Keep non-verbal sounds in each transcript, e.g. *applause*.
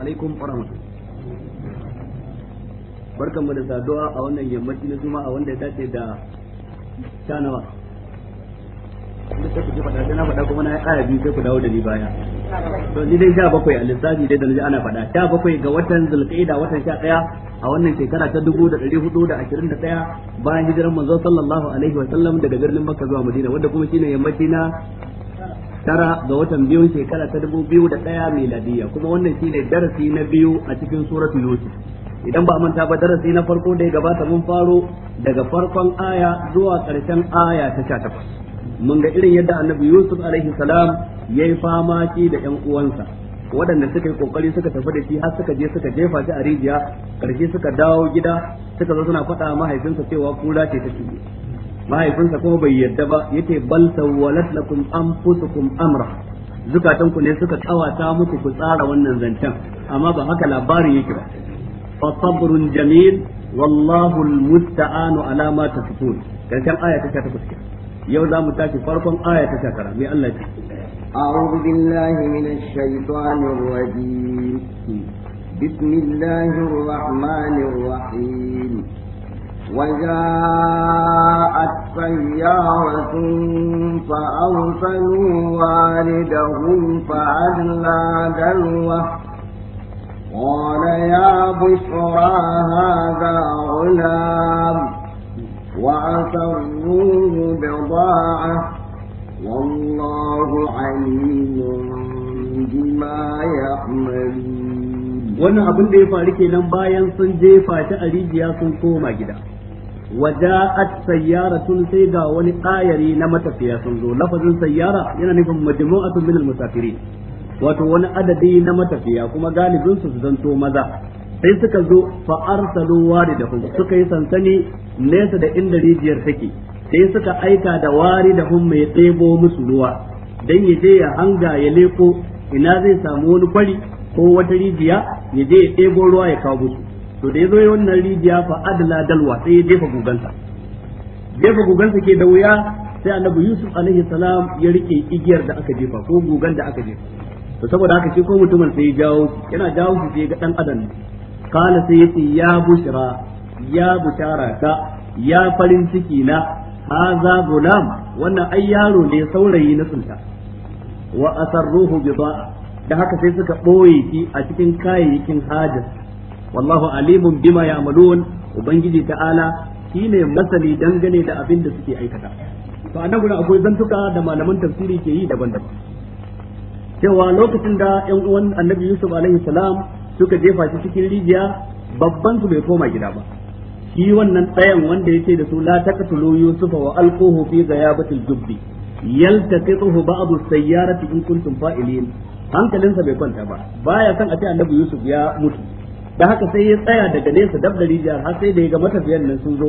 alaikum wa barkan mu da saduwa a wannan yammaci na a wanda ya dace da shanawa inda sai ji faɗa na faɗa kuma na ya ƙara biyu sai ku dawo da ni baya to ni dai sha bakwai a lissafi dai da na ji ana faɗa sha bakwai ga watan zulƙaida watan sha ɗaya a wannan shekara ta dubu da ɗari hudu da ashirin da ɗaya bayan hijiran manzon sallallahu alaihi wa sallam daga birnin makka zuwa madina wanda kuma shine yammaci na tara ga watan biyun shekara ta dubu biyu da ɗaya miladiya kuma wannan shi ne darasi na biyu a cikin suratul yusuf idan ba manta ba darasi na farko da ya gabata mun faro daga farkon aya zuwa ƙarshen aya ta takwas. mun ga irin yadda annabi yusuf alaihi salam yayi fama ki da ƴan uwansa waɗanda suka yi kokari suka tafi da shi har suka je suka jefa shi a rijiya ƙarshe suka dawo gida suka zo suna faɗa mahaifinsa cewa kura ce ta shige mahaifinsa kuma bai yadda ba yace bal sawwalat lakum anfusukum amra zukatan ku ne suka kawata muku ku tsara wannan zancen amma ba haka labarin yake ba fa sabrun jamil wallahu almusta'anu ala ma tasifun karshen aya ta ta kuske yau za mu tashi farkon aya ta ta kara mai Allah ce أعوذ بالله من الشيطان الرجيم بسم الله الرحمن الرحيم وجاءت سيارة فأرسلوا والدهم فأدلى دلوه قال يا بشرى هذا غلام وأسروه بضاعة والله عليم بما يعملون wannan abin da ya faru kenan bayan sun jefa ta a rijiya sun koma gida وجاءت سيارة سيدا ولقايري نمت فيها سنزو لفظ سيارة ينفهم مجموعة من المسافرين wato wani adadi na matafiya kuma galibin su su zanto maza sai suka zo fa arsalu waridahum suka yi sansani nesa da inda rijiyar take sai suka aika da waridahum mai tsebo musu ruwa dan ya je ya hanga ya leko ina zai samu wani kwari ko wata rijiya ya je ya tsebo ruwa ya kawo musu to da ya zo wannan rijiya fa adla dalwa sai ya jefa gugansa jefa gugansa ke da wuya sai annabi yusuf alaihi salam ya rike igiyar da aka jefa ko gugan da aka jefa to saboda haka shi ko mutumin sai ya jawo yana jawo shi sai ga dan adam kala sai yace ya bushra ya bushara ta ya farin ciki na haza gulam wannan ai yaro ne saurayi na sunta wa asarruhu bi da haka sai suka boye ki a cikin kayayyakin hajar wallahu alimun bima ya'malun ubangiji ta'ala shine masali dangane da abin da suke aikata to anan gurin akwai zantuka da malaman tafsiri ke yi daban-daban cewa lokacin da yan uwan annabi yusuf alaihi salam suka jefa shi cikin rijiya babban su bai koma gida ba shi wannan tsayan wanda yake da su la taqtulu yusufa wa alquhu fi ghayabatil jubbi yaltaqituhu ba'd as-sayyarati in kuntum fa'ilin hankalinsa bai kwanta ba baya san a ce annabi yusuf ya mutu da haka sai ya tsaya daga nesa dab da rijiya har sai da ya ga matafiyan nan sun zo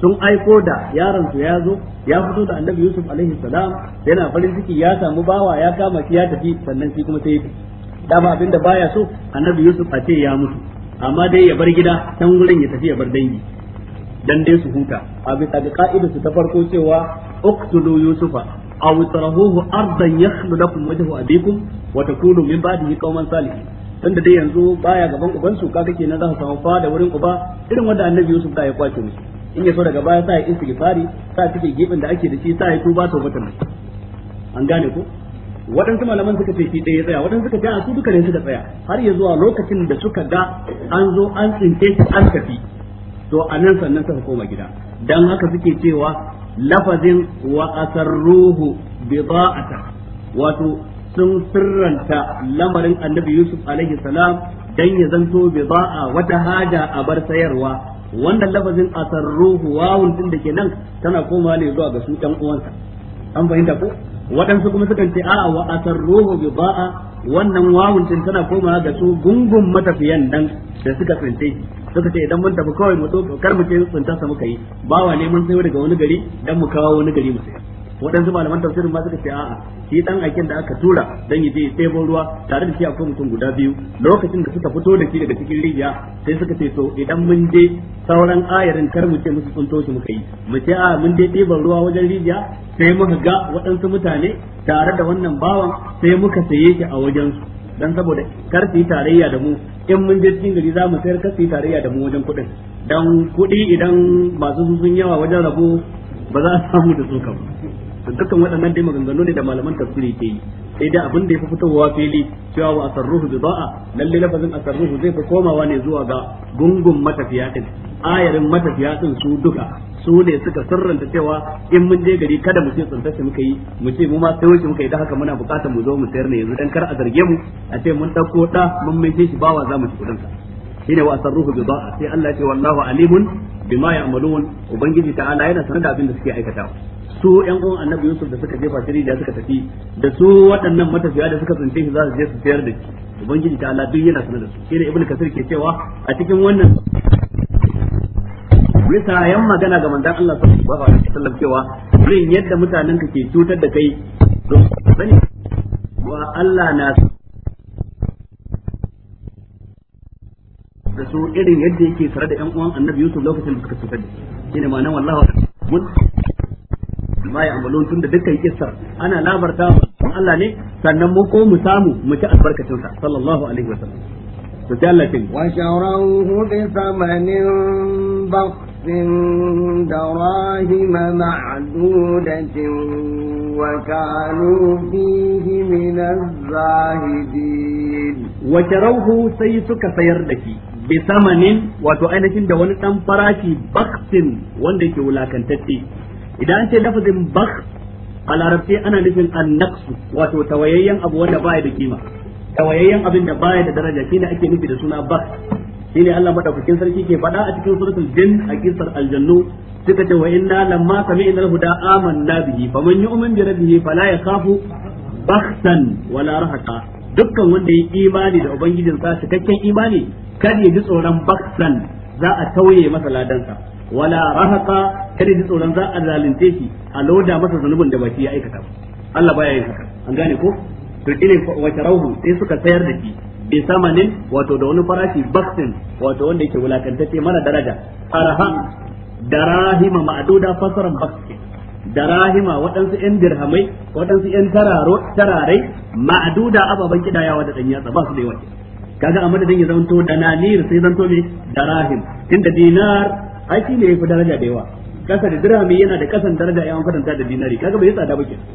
sun aiko da yaron su ya zo ya fito da annabi yusuf alaihi salam yana farin ciki ya samu bawa ya kama shi ya tafi sannan shi kuma sai ya Da dama abinda baya so annabi yusuf a ce ya mutu amma dai ya bar gida can wurin ya tafi ya bar dangi dan dai su huta a bisa ga ka'idar su ta farko cewa uqtulu yusufa aw tarahuhu ardan yakhlu lakum wajhu abikum wa takunu min ba'dihi qauman salihin tunda dai yanzu baya gaban ubansu kaga kenan za su samu fa da wurin uba irin wanda annabi Yusuf ta ya kwace musu in ya so daga baya sa ya istighfari sa take gibin da ake da shi sa ya tuba tawbatan an gane ko waɗansu malaman suka ce shi ɗaya ya tsaya waɗansu suka ce a su duka ne suka tsaya har ya zuwa lokacin da suka ga an zo an tsinke shi an tafi to a nan sannan suka koma gida dan haka suke cewa lafazin wa asarruhu bida'ata wato sun sirranta lamarin annabi yusuf alaihi salam dan ya zanto bida'a wata haja a bar sayarwa wannan lafazin asarruhu wawun din da ke nan tana komawa ne zuwa ga su ɗan uwansa an fahimta ko waɗansu kuma sukan ce a'a wa asarruhu ba'a wannan wawun din tana komawa ga su gungun matafiyan nan da suka tsinte suka ce idan mun tafi kawai mu kar mu ce sun sa muka yi bawa ne mun sayo daga wani gari dan mu kawo wani gari mu sayar waɗansu malaman tafsirin ma suka ce a'a shi dan aikin da aka tura dan yaje ɗebo ruwa tare da shi akwai mutum guda biyu lokacin da suka fito da shi daga cikin rijiya sai suka ce to idan mun je sauran ayarin kar mu ce musu tsunto muka yi mu ce a'a mun je ɗeban ruwa wajen rijiya sai muka ga waɗansu mutane tare da wannan bawan sai muka saye shi a wajensu dan saboda kar su yi tarayya da mu in mun je cikin gari za mu sayar kar su yi tarayya da mu wajen kuɗin dan kuɗi idan masu sun yawa wajen rabo ba za a samu da su ba dukkan waɗannan dai maganganu ne da malaman tafsiri ke yi sai dai abin da ya fi fitowa fili cewa wa asarruhu bi ba'a lalle lafazin asarruhu zai fi komawa ne zuwa ga gungun matafiya din ayarin matafiya din su duka su ne suka sirranta cewa in mun je gari kada mu ce tsantace muka yi mu ce mu ma sai wuce muka yi da haka muna buƙatar mu zo mu sayar ne yanzu dan kar a zarge mu a ce mun dauko da mun mai shi bawa za mu ci kudin sa shine wa asarruhu ba'a. sai Allah ya ce wallahu alimun bima ya'malun ubangiji ta'ala yana sanar da abin da suke aikatawa su yan uwan annabi yusuf da suka jefa shiri da suka tafi da su waɗannan matafiya da suka tsince shi za su je su sayar da shi ubangiji ta Allah duk yana sanar da su shine ibnu kasir ke cewa a cikin wannan bisa yan magana ga manzon Allah sallallahu alaihi wasallam cewa rin yadda mutanen ka ke cutar da kai don sani wa Allah na da su irin yadda yake tare da yan uwan annabi Yusuf lokacin da suka cutar da shi shine ma'anar wallahi mun ma ya tun da dukkan kissar ana labarta Allah ne sannan mu ko mu samu mu ci albarkacin sa sallallahu alaihi wasallam to sai Allah tin wa shawrahu bi thamanin بخس دراهم معدودة وكانوا فيه من الزاهدين وشروه سيسك سيردكي bisamanin wato ainihin da wani dan farashi baksin wanda ke wulakantacce idan an ce lafazin bakh a larabci ana nufin annaqs wato tawayayyen abu wanda baya da kima tawayayyen abin da baya da daraja shine ake nufi da suna bakh shine Allah madaukakin sarki ke faɗa a cikin suratul jin a kisar aljannu suka ce wa inna lamma sami'na al-huda amanna bihi faman yu'min bi rabbihi fala yakhafu bakhsan wala rahaqa dukkan wanda yi imani da ubangijin sa cikakken imani kar ya ji tsoron bakhsan za a tauye masa ladansa wala rahaqa kada ji tsoron za a zalunce shi a loda masa zanubin da baki ya aikata Allah baya yin haka an gane ko to shine wa tarahu sai suka sayar da shi bi samanin wato da wani farashi baksin wato wanda yake wulakantacce mara daraja arhan darahima ma'duda fasaran baksin darahima waɗansu ƴan dirhamai waɗansu ƴan tararo tararai ma'duda ababan kidayawa da danya ba su da yawa kaga a madadin ya zanto nanir sai zanto me darahim inda dinar ai shi ne yafi daraja da yawa kasa da dirhami yana da kasan daraja yawan kwatanta da dinari kaga bai tsada ba kenan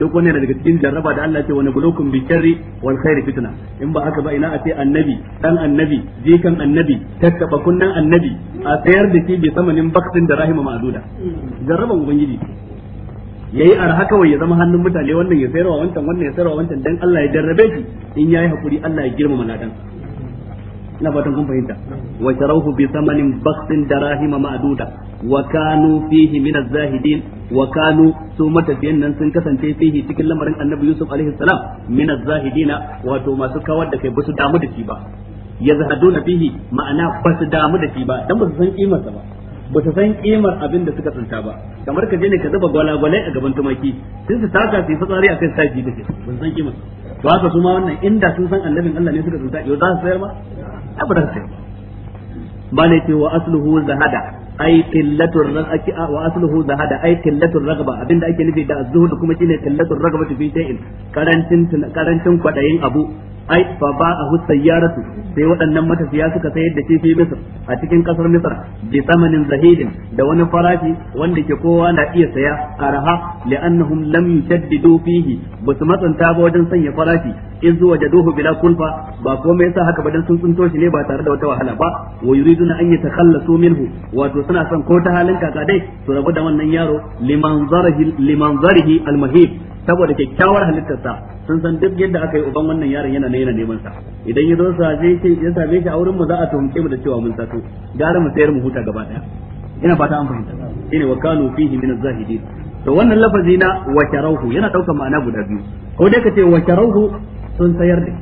duk wani yana daga cikin jarraba da Allah ce wani bulukum bi sharri wal khairi fitna in ba haka ba ina a ce annabi dan annabi jikan annabi tattaba kunnan annabi a tsayar da shi bi samanin baktin da rahima ma'duda jarraban ubangiji yayi arha kawai ya zama hannun mutane wannan ya sayarwa wancan wannan ya sayarwa wancan dan Allah ya jarrabe shi in yayi hakuri Allah ya girmama ladan ina fatan kun fahimta wa sharawhu bi thamanin baqtin darahim ma'duda wa kanu fihi min az-zahidin wa kanu su matafiyan nan sun kasance fihi cikin lamarin annabi yusuf alaihi salam min az-zahidin wato masu kawar da kai basu su damu da shi ba yazhaduna fihi ma'ana ba su damu da shi ba dan ba su san kimar ba ba su san kimar abin da suka tsinta ba kamar ka je ne ka zuba gwalagwalai a gaban tumaki sun su taka su yi fitsari a kai saji da ke ba su san kimar to haka su ma wannan inda sun san annabin Allah ne suka tsinta yau za su sayar ma abaran sai bane ce wa asluhu zahada ai qillatur raqi wa asluhu zahada ai qillatur ragba abinda ake nufi da da kuma shine qillatur ragba fi shay'in karancin karancin kwadayin abu ai fa ba'ahu sayyaratu sai waɗannan matafiya suka sayar da shi fi Misr a cikin kasar Misr bi samanin zahidin da wani farashi wanda ke kowa na iya saya araha li'annahum lam yushaddidu fihi basu matsanta ba wajen sanya farashi in zuwa jaduhu bila kulfa ba komai yasa haka ba dan sun tsunto shi ne ba tare da wata wahala ba wa yuriduna an yatakhallasu minhu wato suna son ko ta halin kaka dai su rabu da wannan yaro liman zarihi liman zarihi almahib saboda kyakkyawar halittarsa sun san duk yadda aka yi uban wannan yaron yana ne yana neman sa idan ya zo saje shi ya same shi a wurin mu za a tuhumce mu da cewa mun sato gara mu sayar mu huta gaba daya ina fata an fahimta ina wa kanu fihi min az-zahidin to wannan lafazi na wa sharauhu yana daukar ma'ana guda biyu ko dai ka ce wa sharauhu sun sayar da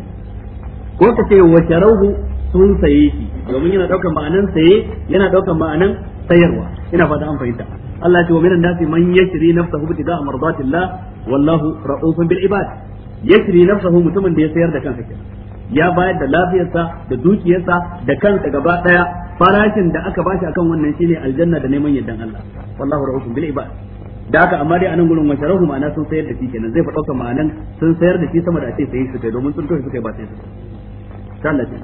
ko ka ce wa sharauhu sun saye shi domin yana daukar ma'anan saye yana daukar ma'anan sayarwa ina fata an fahimta Allah ce wa minan nasi man yashri nafsahu bitiga mardatillah wallahu ra'ufun bil ibad yashri nafsahu mutumin da ya sayar da kansa kenan ya bayar da lafiyarsa da dukiyarsa da kansa gaba daya farashin da aka bashi akan wannan shine aljanna da neman yardan Allah wallahu ra'ufun bil ibad da haka amma dai anan gurin rahu ma'ana sun sayar da shi kenan zai faɗa ma'anan sun sayar da shi sama da ake sayi su kai domin sun su kai ba sai su sallatin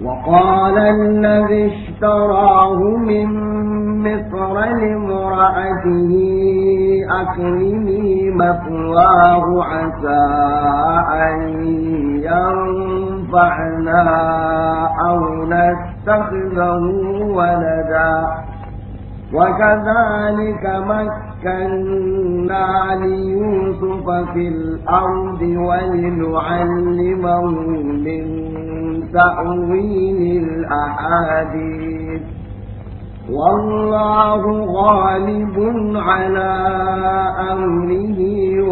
وقال الذي اشتراه من مصر لامرأته أكرمي مثواه عسى أن ينفعنا أو نتخذه ولدا وكذلك مكنا ليوسف في الأرض ولنعلمه من تأويل الأحاديث والله غالب على أمره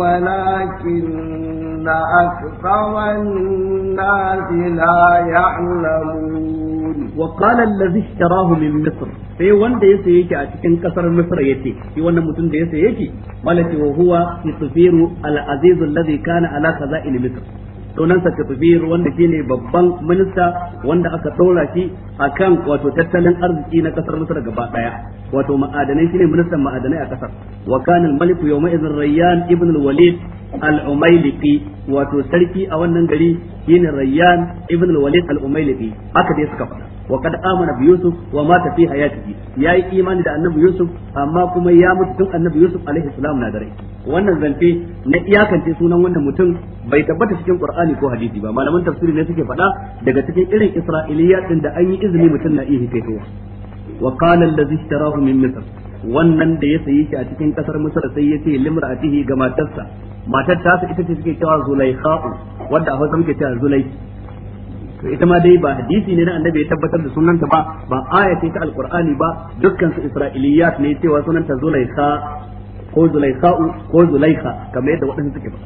ولكن أكثر الناس لا يعلمون وقال الذي اشتراه من مصر sai wanda ya saye ki a cikin kasar Misra yace shi wannan mutum da ya saye ki malaki wa huwa yusufiru al-aziz alladhi kana ala khaza'in misr sunansa katubir wanda ne babban minista wanda aka tsora shi akan wato tattalin arziki na kasar Masar gaba daya wato ma'adanai shine ministan ma'adanai a kasar wa kana al-malik yawma idhin rayyan ibn al-walid al-umayliki wato sarki a wannan gari shine rayyan ibn al-walid al-umayliki haka dai suka faɗa wa kad amana bi yusuf wa mata fi hayatihi yayi imani da annabi yusuf amma kuma ya mutu tun annabi yusuf alaihi salam na dare wannan zance na iyakance sunan wannan mutum bai tabbata cikin qur'ani ko hadisi ba malaman tafsiri ne suke faɗa daga cikin irin isra'iliyya din da an yi izini mutum na iya hikaitowa wa qala allazi ishtarahu min misr wannan da ya sayi shi a cikin kasar misr sai ya ce limra'atihi ga matarsa matar ta ita ce take cewa zulaikha wanda a hausa muke cewa zulai to ita ma dai ba hadisi ne na annabi ya tabbatar da sunanta ba ba aya ce ta alqur'ani ba dukkan su isra'iliyat ne cewa sunanta zulaikha ko zulaikha ko zulaikha kamar yadda wadannan suke ba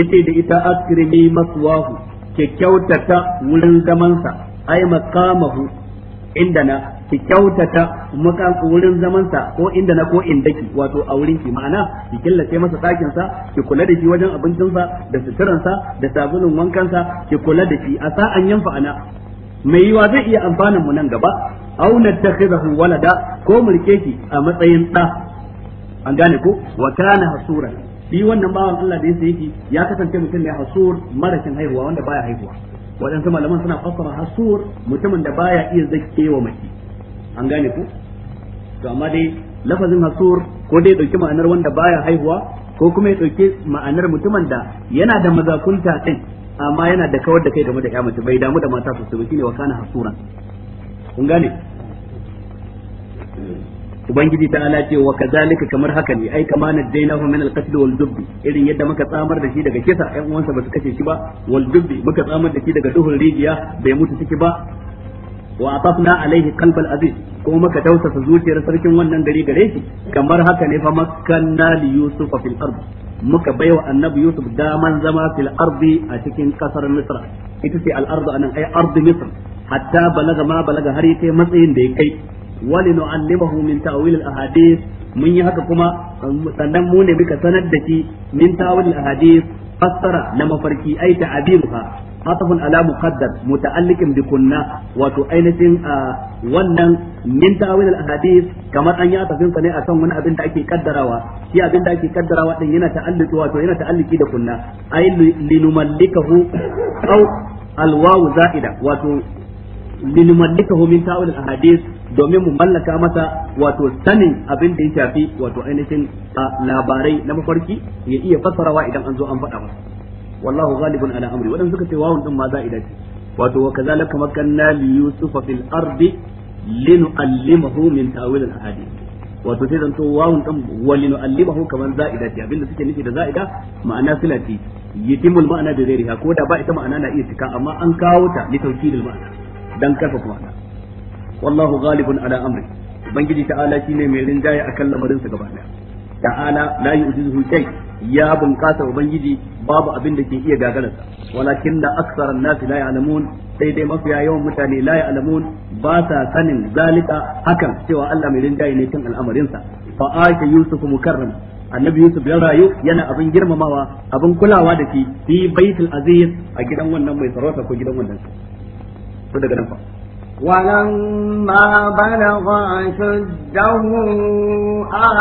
yace da ita akrimi maswahu ke kyautata wurin zamansa ai makamahu indana ki kyautata mukan wurin zamansa sa ko inda na ko indaki wato a wurin ki ma'ana ki killace masa ɗakin sa ki kula da shi wajen abincin sa da suturan sa da sabulun wankan sa ki kula da shi a sa'an yanfa ana mai yiwa zai iya amfanin mu nan gaba au nattakhizahu walada ko mulke ki a matsayin ɗa an gane ko wa kana hasura shi wannan bawan Allah da yake yake ya kasance mutum ne hasur marakin haihuwa wanda baya haihuwa waɗansu malaman suna fassara hasur mutumin da baya iya zakewa mace an gane ku to amma dai lafazin hasur ko dai dauki ma'anar wanda baya haihuwa ko kuma ya dauki ma'anar mutumin da yana da mazakunta din amma yana da kawar da kai game da ya mace bai damu da mata su su shine wa hasura kun gane ubangiji ta ala ce wa kazalika kamar haka ne ai kama najjaynahu min al-qatl wal dubbi irin yadda muka tsamar da shi daga kisa yan uwansa ba su kace shi ba wal dubbi muka tsamar da shi daga duhun rijiya bai mutu ciki ba wa atafna alaihi qalbal aziz kuma muka tausasa zuciyar sarkin wannan gari gare shi kamar haka ne fa makanna li yusuf fil ard muka baiwa annabi yusuf daman zama fil ardi a cikin kasar misra ita ce al ardu anan ay ardu misr hatta balaga ma balaga har yake matsayin da ya kai wali nu'allimahu min ta'wil al ahadith mun yi haka kuma sannan mu ne muka sanar da shi min ta'wil al ahadith fassara na mafarki ay ta'abiruha atafun ala muqaddar muta'alliqin bi kunna wato ainihin ah, wannan min ta'awil al ahadith kamar an yi atafin sa ne akan wani abin da ake kaddarawa ki abin da ake kaddarawa yana ta'alliki da kunna a linumallikahu aw al wawu za'ida wato min domin mu mallaka masa wato sanin abin da ya shafi wato ainihin ah, labarai na mafarki ya iya fassarawa idan an zo an faɗa masa wallahu ghalibun ala amri wadan suka ce wawun din ma za'ida ce wato wa kazalika makanna li yusufa fil ardi linu'allimahu min ta'wil al ahadith wato sai zanto wawun wali din wa linu'allimahu kaman za'ida ce abinda suke nufi da za'ida ma'ana silati yitimul ma'ana da zairiha ko da ba ita ma'ana na iya cika amma an kawo ta li tawkidil ma'ana dan kuma ma'ana wallahu ghalibun ala amri ubangiji ta'ala shine mai rinjaye akan lamarin sa gaba daya ta'ala la yu'jizuhu shay ya bunkasa ubangiji babu abin da ke iya gagararsa walakin da aksaran nas la ya'lamun sai dai mafiya yawan mutane la ya'lamun ba sa sanin zalika hakan cewa Allah mai rinjaye ne kan al'amarin sa fa aka yusuf mukarram annabi yusuf ya rayu yana abin girmamawa abin kulawa da ke fi baitul aziz a gidan wannan mai sarauta ko gidan wannan ko daga nan fa ولما بلغ أشده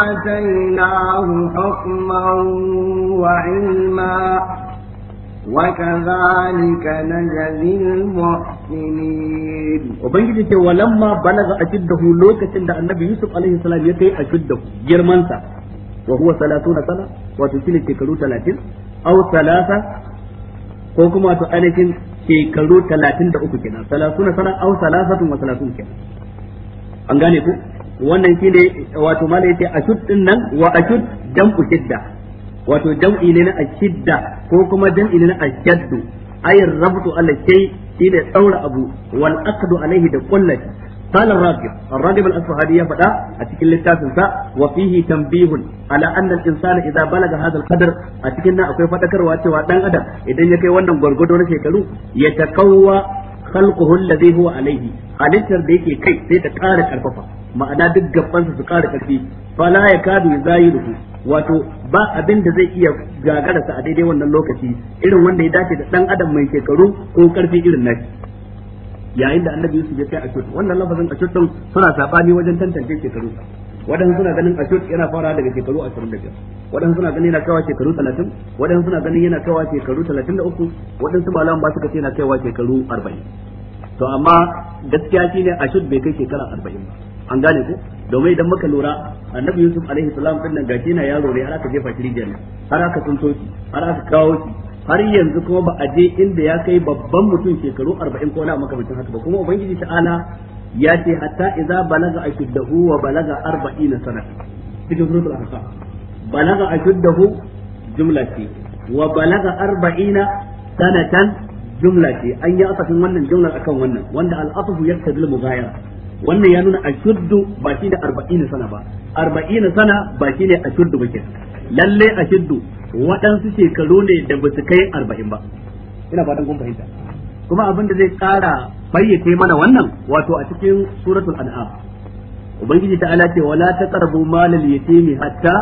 آتيناه حكما وعلما وكذلك نجزي المحسنين وبنجد ce walamma balaga ashiddahu lokacin da annabi Yusuf alaihi salam ya kai ashiddahu girman sa wa huwa 30 sana wato shine shekaru au ko kuma shekaru 33 kenan salasuna sana au salasatun wa salasun kenan an gane ku wannan shine wato malai yace ashud din nan wa ashud jam'u shidda wato jam'i ne na ashidda ko kuma jam'i ne na ashaddu ay rabtu ala shay shine daura abu wal aqdu alaihi da qullati masalin ragi a ragibil ashari ya faɗa a cikin littafin sa wafihi tambihun al'adar insani iza balaga hazalkadar a cikin nan akwai faɗakarwa cewa dan adam idan ya kai wannan gwargwador shekaru ya ta kaa halkuhulla zai fi wa halittar da yake kai sai ta kara kaafama'ana duk gabansa su kara karfi fala ya karu ya zayiruku wato ba abin da zai iya gagararsa a daidai wannan lokaci irin wanda ya dace da adan adam mai shekaru ko karfi irin na yayin da annabi Yusuf ya kai a cut wannan lafazin a shud din suna sabani wajen tantance shekaru waɗansu suna ganin a cut yana fara daga shekaru 25 waɗansu suna ganin yana kaiwa shekaru 30 waɗansu suna ganin yana kaiwa shekaru 33 da uku malaman ba suka ce yana kaiwa shekaru 40 to amma gaskiya shine a cut bai kai shekara 40 ba an gane ko domin idan muka lura annabi Yusuf alaihi salam din nan gashi na yaro ne har aka jefa shi rijiyar har aka tunto shi har aka kawo shi har yanzu kuma ba a je inda ya kai babban mutum shekaru 40 ko na makamancin haka ba kuma ubangiji ta'ala ya ce hatta idza balaga ashuddahu wa balaga 40 sana cikin suratul ahqaf balaga ashuddahu jumla ce wa balaga 40 sanatan jumla ce an yi asafin wannan jumlar akan wannan wanda al-asfu yaqtadil mughayara wannan ya nuna ashuddu ba shi ne arba'in sana ba arba'in sana ba shi ne ashuddu ba ke. lalle ashuddu waɗansu shekaru ne da ba su kai arba'in ba ina fatan kun fahimta kuma abin da zai ƙara bayyace mana wannan wato a cikin suratul an'am ubangiji ta ala ce wala taqrabu malal yatimi hatta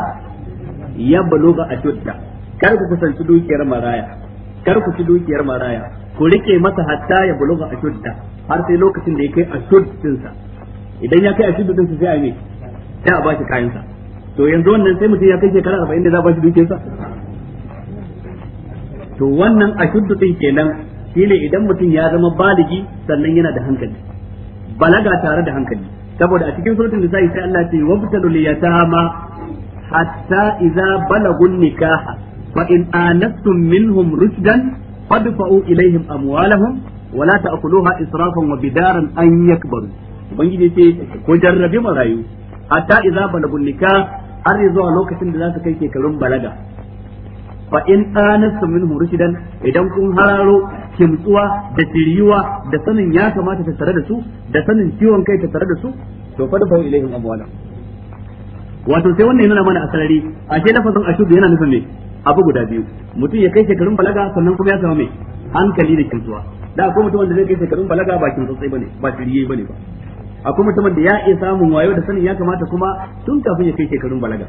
yabluga ashudda kar ku kusanci dukiyar maraya kar ku ci dukiyar maraya ku rike masa hatta ya buluga ashudda har sai lokacin da ya kai ashuddinsa idan ya kai a shiddu dinsa sai a yi sai a ba kayansa to yanzu wannan sai mutum ya kai shekara arba'in da za a shi dukiyarsa to wannan a shiddu din kenan shine idan mutum ya zama baligi sannan yana da hankali balaga tare da hankali saboda a cikin suratul nisa'i sai Allah ce wabtalu liyatama hatta idza balagun nikaha fa in anastum minhum rushdan fadfa'u ilaihim amwalahum ولا تأكلوها إسرافا وبدارا أن يكبروا ubangiji ce ko jarrabe marayu hatta idza balagun nikah har zuwa lokacin da za su kai shekarun balaga fa in anastu min rushidan idan kun hararo kimtsuwa da tiriwa da sanin ya kamata ta tare da su da sanin ciwon kai ta tare da su to fa dafa ilaihim abwala wato sai wannan yana mana asarari ashe lafazin ashubu yana nufin me abu guda biyu mutum ya kai shekarun balaga sannan kuma ya samu me hankali da kimtsuwa da akwai mutum wanda zai kai shekarun balaga ba kimtsuwa bane ba tiriye bane ba akwai mutumin da ya iya samun wayo da sanin ya kamata kuma tun kafin ya kai shekarun balaga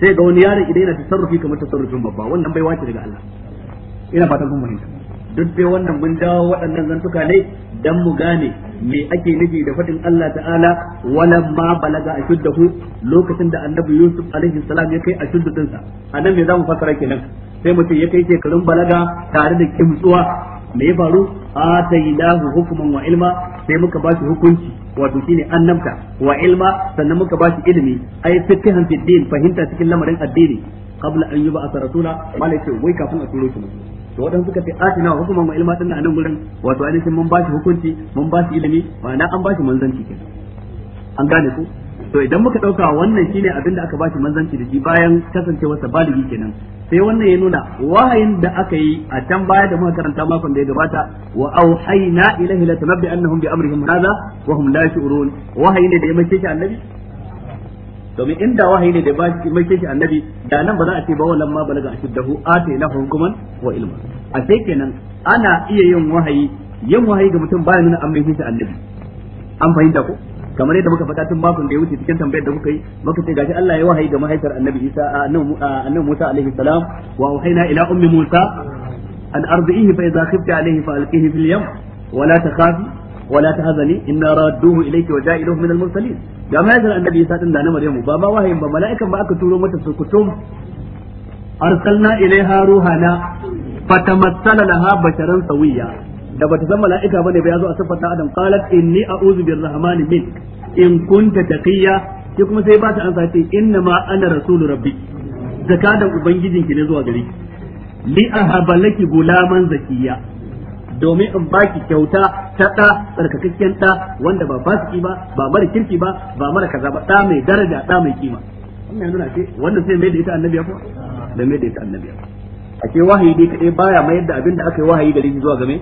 sai ga wani yaron idan yana tasarrufi kamar tasarrufin babba wannan bai wace daga Allah ina fatan kun fahimta duk dai wannan mun dawo waɗannan zantuka ne dan mu gane me ake nufi da fadin Allah ta'ala walam ma balaga ashuddahu lokacin da annabi Yusuf alaihi salam ya kai ashuddatinsa anan me zamu fasara kenan sai mutum ya kai shekarun balaga tare da kimtsuwa me ya faru A ta yi lahu hukman wa ilma sai muka ba shi hukunci wato an namta wa ilma sannan muka ba shi ilimi ai fiqhan fi din fahimta cikin lamarin addini kabla an yi ba a rasula malai ce wai kafin a turo shi to wadansu suka ce atina hukman wa ilma a nan gurin wato ainihin mun ba shi hukunci mun ba shi ilimi ma'ana an ba shi manzanci kenan an gane ku to idan muka dauka wannan shine abin da aka bashi manzanci da shi bayan kasancewarsa baligi kenan sai wannan ya nuna wahayin da aka yi a can baya da muka karanta makon da ya gabata wa auhayna ilaihi la tanabbi annahum bi amrihim hadha wa hum la shurun wahayi ne da ya mace shi annabi domin inda wahayi ne da ya mace shi annabi da nan ba za a ce ba wallan ma balaga ashiddahu atainahu hukuman wa ilma a sai kenan ana iya yin wahayi yin wahayi ga mutum bayan nuna amrihi shi annabi an fahimta ko kamar yadda muka faɗa tun makon da ya wuce cikin tambayar da muka yi muka ce gashi Allah ya wahayi ga mahaifar Annabi Isa a Annabi Musa alaihi salam wa wahayna ila ummi Musa an ardihi fa idza khifti alaihi fa alqihi fil yam wa la takhafi wa la tahzani inna radduhu ilayki wa ja'iluhu min al-mursalin ga mahaifar Annabi Isa din da na Maryamu ba ma wahayin ba mala'ikan ba aka turo mata su kutum arsalna ilaiha ruhana fatamassala laha basharan sawiyya da bata san mala'ika bane ba yazo a siffata adam qalat inni a'udhu birrahmani min in kunta taqiyya sai kuma sai ba ta an sace inna ma ana rasulu rabbi zakadan ubangijin ki ne zuwa gare ki li ahaba laki gulaman zakiya domin in baki kyauta ta da tsarkakakken da wanda ba fasiki ba ba mara kirki ba ba mara kaza ba da mai daraja da mai kima wannan nuna ce wanda sai mai da ita annabiya ko da mai da ita annabiya a ce wahayi dai kadai baya mayar da abin da aka yi wahayi gare shi zuwa game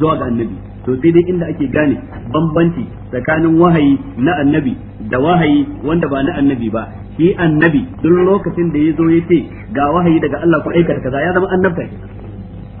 zuwa ga annabi to sai dai inda ake gane bambanci tsakanin wahayi na annabi da wahayi wanda ba na annabi ba shi annabi duk lokacin da ya zo ya ce ga wahayi daga Allah ku aikata kaza ya zama annabta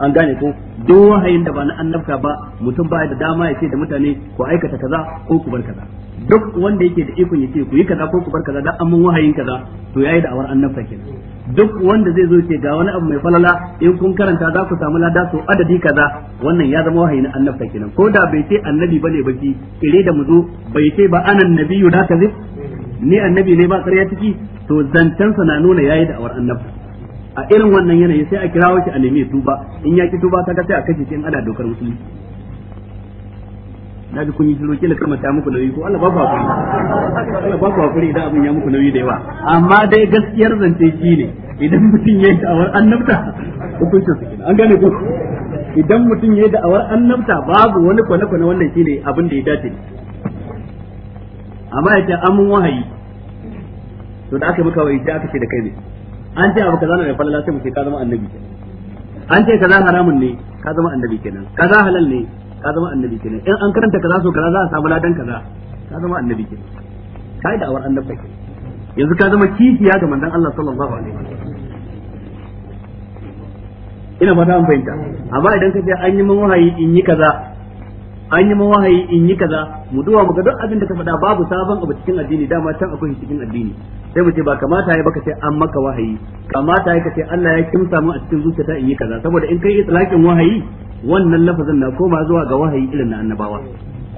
an gane ko duk wahayin da ba na annabta ba mutum ba da dama ya ce da mutane ku aikata kaza ko ku bar kaza duk wanda yake da ikon yace ku yi kaza ko ku bar kaza dan amman wahayin kaza to yayi da awar annabta kenan duk wanda zai zo ce ga wani abu mai falala in kun karanta za ku samu lada to adadi kaza wannan ya zama wahayin annabta kenan ko da bai ce annabi bane ba ki kire da muzo bai ce ba anan nabiyyu da kazib ni annabi ne ba ƙarya ciki to zancensa na nuna yayi da awar annabta a irin wannan yanayi sai a kirawo shi a nemi tuba in ya ki tuba ta sai a kashe cikin in ana dokar musulunci na ji kun yi shiru kila kama ta muku nauyi ko Allah ba ku hakuri Allah ba ku hakuri idan abin ya muku nauyi da yawa amma dai gaskiyar zance shi ne idan mutum ya yi da'awar annabta hukuncin su an gane ku idan mutum ya yi da'awar annabta babu wani kwane-kwane wannan shi ne abin da ya dace amma ya ce amin wahayi to da aka maka wahayi aka ce da kai ne an ce abu kaza na da falala sai mu ce ka zama annabi an ce kaza haramun ne ka zama annabi kenan kaza halal ne ka zama annabi kenan in an karanta kaza so kaza za a samu ladan kaza ka zama annabi kenan kai da awar annabi kenan yanzu ka zama kishiya ga manzon Allah sallallahu alaihi wasallam ina fata an fahimta amma idan ka ce an yi wahayi in yi kaza an yi mawahayi in yi kaza mu duwa mu ga duk abin da ka faɗa babu sabon abu cikin addini dama can akwai cikin addini sai mu ce ba kamata ya baka ce an maka wahayi kamata ya ka ce Allah ya kimsa mu a cikin zuciyata in yi kaza saboda in kai itlaqin wahayi wannan lafazin na koma zuwa ga wahayi irin na annabawa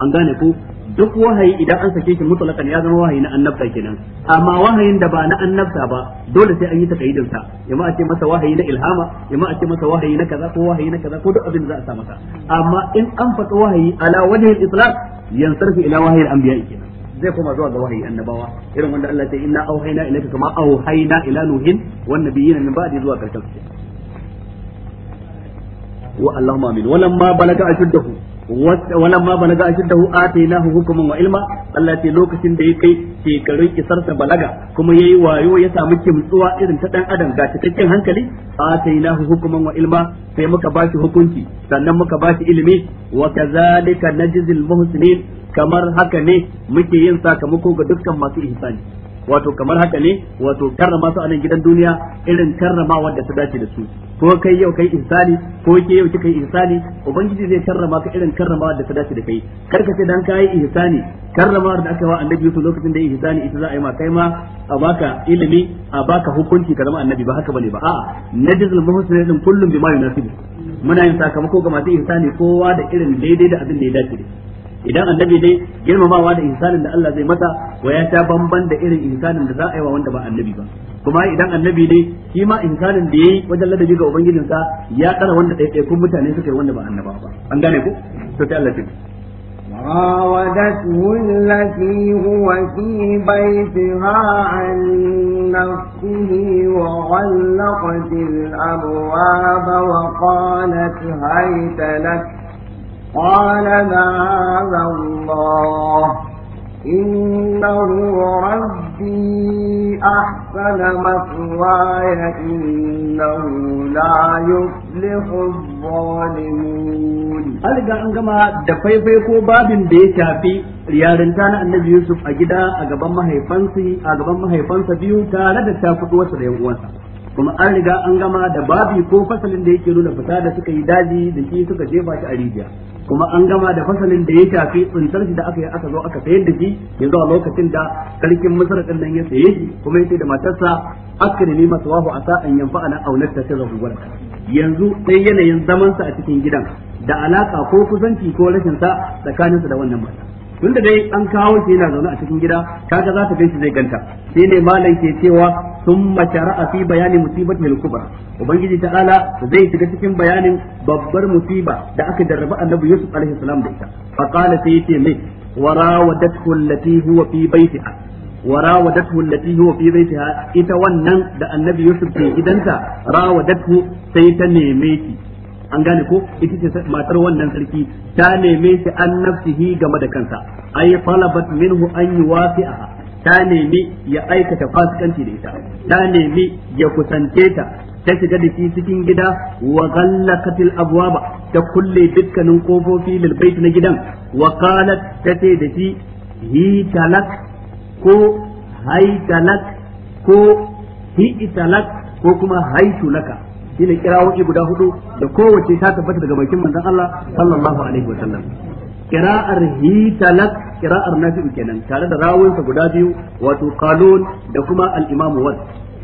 an gane ko duk wahayi idan an sake shi mutlaqan ya zama wahayi na annabta kenan amma wahayin da ba na annabta ba dole sai an yi takaidin sa yamma a masa wahayi na ilhama yamma a masa wahayi na kaza ko wahayi na kaza ko duk abin da za a sa masa amma in an faɗa wahayi ala wajhi al-itlaq yansarfi ila wahayi al-anbiya kenan zai koma zuwa ga wahayi annabawa irin wanda Allah ya ce inna auhayna ilayka kama auhayna ila nuhin wan nabiyina min ba'di zuwa karshen wa Allahumma amin ma balaga ashuddahu ma balaga ashuddahu atainahu hukuman wa ilma Allah ce lokacin da ya kai shekarun kisarsa balaga kuma yayi wayo ya samu kimtsuwa irin ta dan adam ga cikakken hankali atainahu hukuman wa ilma sai muka bashi hukunci sannan muka shi ilimi wa kazalika najzil muhsinin kamar haka ne muke yin sakamako ga dukkan masu ihsani wato kamar haka ne wato karrama su a nan gidan duniya irin karrama wanda ta dace da su ko kai yau kai insani ko ke yau kika insani ubangiji zai karrama ka irin karrama wanda ta dace da kai kar ka ce dan kai insani karrama da aka wa annabi su lokacin da yi insani ita za a yi ma kai ma a baka ilimi a baka hukunci ka zama annabi ba haka bane ba a'a najzul muhsinin kullum bima yunasibu muna yin sakamako ga masu insani kowa da irin daidai da abin da ya dace da shi idan annabi dai girmamawa da insanin da Allah zai mata wa ya ta bamban da irin insanin da za a yi wa wanda ba annabi ba kuma idan annabi ne, shi ma insanin da yayi wajen ladabi ga ubangijinsa ya tsara wanda ɗaiɗaikun mutane suke wanda ba annaba ba an gane ko to sai Allah ya راودته التي هو في بيتها عن نفسه وغلقت الأبواب وقالت هيت لك قال معاذ الله إنه ربي أحسن مثواي إنه لا يفلح الظالمون هل أن كما دفايفي كو باب بيشافي yarinta na annabi Yusuf a gida a gaban mahaifansa a gaban mahaifansa biyu tare da tafudu wasu da yan kuma an riga an gama da babi ko fasalin da yake nuna fita da suka yi daji da shi suka jefa shi a rijiya kuma an gama da fasalin da ya shafi tsuntar shi da aka yi aka zo aka sayar da shi ya zuwa lokacin da sarkin masar din nan ya saye shi kuma ya ce da matarsa akrimi a asa an yanfa'ana aw nattakhidhu waraka yanzu sai yanayin zamansa a cikin gidan da alaka ko kusanci ko rashin sa tsakaninsa da wannan mata tunda dai an kawo shi yana zaune a cikin gida kaga za ta ganshi zai ganta shi ne malam ke cewa summa shara'a fi bayanin musibar al-kubra ubangiji ta'ala zai shiga cikin bayanin babbar musiba da aka jarraba annabi yusuf alaihi salam da ita fa qala sai yace mai warawadathu allati huwa fi baitiha warawadathu allati huwa fi baitiha ita wannan da annabi yusuf ke gidanta rawadathu sai ta neme ki an gane ko ita ce matar wannan sarki ta neme shi an nafsihi game da kansa ay talabat minhu an yuwafi'a ta nemi ya aikata fasikanci da ita ta nemi ya kusance ta ta shiga da shi cikin gida wa ghallaqatil abwaba ta kulle dukkanin kofofi lil bait na gidan wa qalat ta ce da shi hi talak ko hai talak ko hi italak ko kuma haitu laka shine kirawoyi guda hudu da kowace ta tabbata daga bakin manzon Allah sallallahu alaihi wa sallam kira'ar hitalak kira'ar nafi'u kenan tare da rawunsa guda biyu wato qalun da kuma al-imamu wal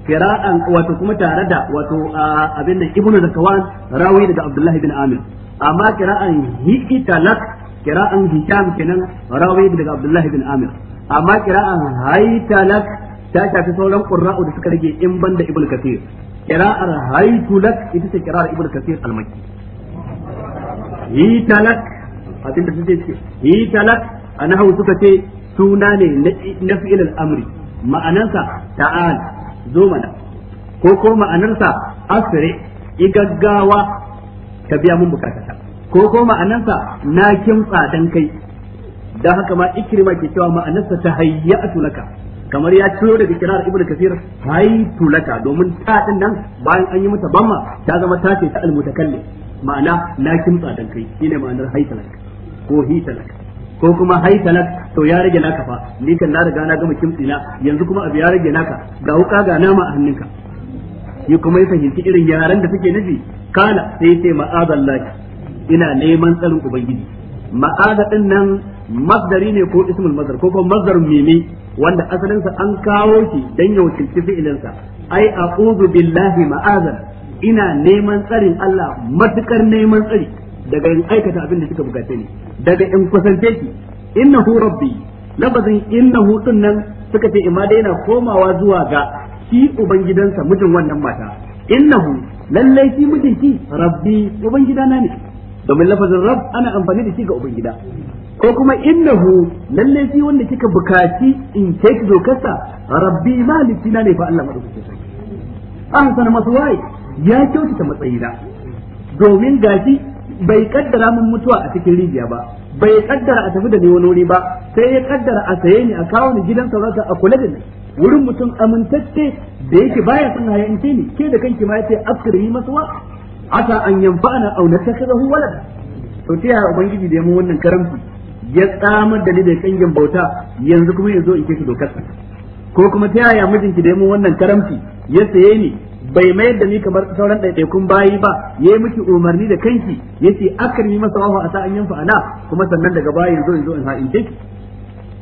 kira'an wato kuma tare da wato abin da ibnu zakawan rawi daga abdullah ibn amir amma kira'an hitalak kira'an hikam kenan rawi daga abdullah ibn amir amma kira'an haitalak ta shafi sauran qurra'u da suka rage in banda ibnu kathir qira'ar haitu lak ita ce qira'ar ibnu kasir al-makki talak. abin da suke ce talak a nahawu suka ce suna ne na fi'il al-amri ma'anarsa ta'al zo mana ko ko ma'anarsa asri igaggawa ka biya mun bukatata ko ko ma'anarsa na kimtsa dan kai dan haka ma ikrima ke cewa ma'anarsa ta a laka kamar ya ciro daga kirar ibnu kasir haitu laka domin ta din nan bayan an yi mata bamma ta zama ta ce ta almutakallim ma'ana na kimtsa dan kai shine ma'anar haitalak ko hitalak ko kuma haitalak to ya rage naka fa ni kan na riga na gama na yanzu kuma abu ya rage naka ga wuka ga nama a hannunka yi kuma ya fahimci irin yaran da suke nufi kana sai sai ma'azallahi ina neman tsarin ubangiji ma'aza din nan masdari ne ko ismul masdar ko kuma masdar mimi wanda asalin sa an kawo shi dan ya wakilci fi'ilin sa ai a'udhu billahi ma'azan ina neman tsarin Allah matukar neman tsari daga in aikata abin da kika bukace ni daga in kusance ki innahu rabbi labazin innahu din nan suka ce imma dai yana komawa zuwa ga shi ubangidansa mijin wannan mata innahu lallai shi mijinki rabbi ubangidana ne domin lafazin rab ana amfani da shi ga ubangida ko kuma innahu lalle shi wanda kika bukaci in kai ki kasa rabbi maliki na ne fa Allah madaukakin sarki an sanar masa wai ya kyautata matsayina domin gashi bai kaddara mun mutuwa a cikin rijiya ba bai kaddara a tafi da ni wani ba sai ya kaddara a saye ni a kawo ni gidan saurata a kula da ni wurin mutum amintacce da yake baya son hayance ni ke da kanki ma yace askari masuwa asa an yanfa'ana aw natakhidahu wala? to ta yaya ubangiji da ya mu wannan karamci ya tsamar da ni da kangin bauta yanzu kuma yanzu in kishi dokar ko kuma ta yaya mijinki da ya mu wannan karamci ya saye ni bai mayar da ni kamar sauran ɗaiɗaikun bayi ba ya yi miki umarni da kanki ya ce akarmi masa wahu a sa'an yanfa ana kuma sannan daga baya yanzu yanzu in ha'in dake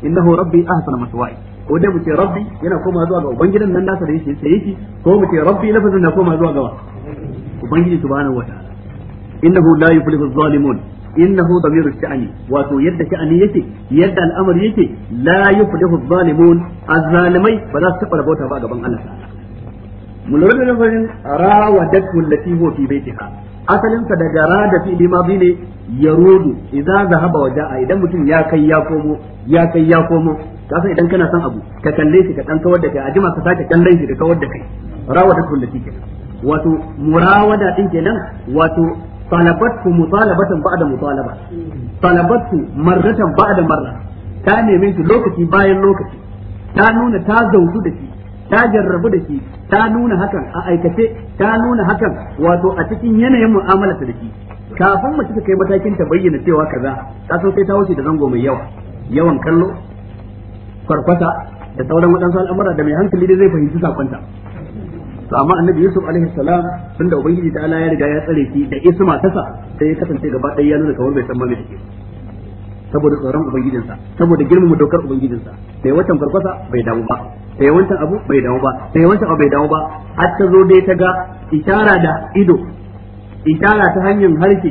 innahu rabbi ahsana maswa'i ko dai mu ce rabbi yana koma zuwa ga ubangidan nan nasa da yake sai yake ko mu ce rabbi lafazin na koma zuwa ga ubangiji subhanahu wataala innahu la yuflihu adh-dhalimun innahu damiru sha'ani wato yadda sha'ani yake yadda al'amari yake la yuflihu adh-dhalimun az-zalimai ba za su taba rabota ba gaban Allah ta'ala mun lura da nafarin rawadatu allati huwa fi baitiha asalin sa daga rada fi limabi ne yarudu idza zahaba wa ja'a idan mutum ya kai ya komo ya kai ya komo ka san idan kana son abu ka kalle shi ka dan kawar da kai a jima ka sake kallon shi ka kawar da kai rawadatu allati kenan wato murawada din kenan wato talabatu mutalabatan ba'da mutalaba talabatu marratan ba'da marra ta neme shi lokaci bayan lokaci ta nuna ta zautu da shi ta jarrabu da shi ta nuna hakan a aikace ta nuna hakan wato a cikin yanayin mu'amalarta da shi kafin mace ta kai matakin ta bayyana cewa kaza ta san sai ta wuce da zango mai yawa yawan kallo kwarkwata da sauran waɗansu al'amura da mai hankali da zai fahimci sakonta to amma annabi yusuf alaihi salam tunda da ubangiji ta ala ya riga ya tsare shi da isma tasa sai ya kasance gaba ɗaya ya nuna kamar bai san mamaye shi saboda tsoron ubangijinsa saboda girmama dokar ubangijinsa sai wancan farkwasa bai damu ba sai wancan abu bai damu ba sai wancan abu bai damu ba har ta zo dai ta ga ishara da ido ishara ta hanyar harshe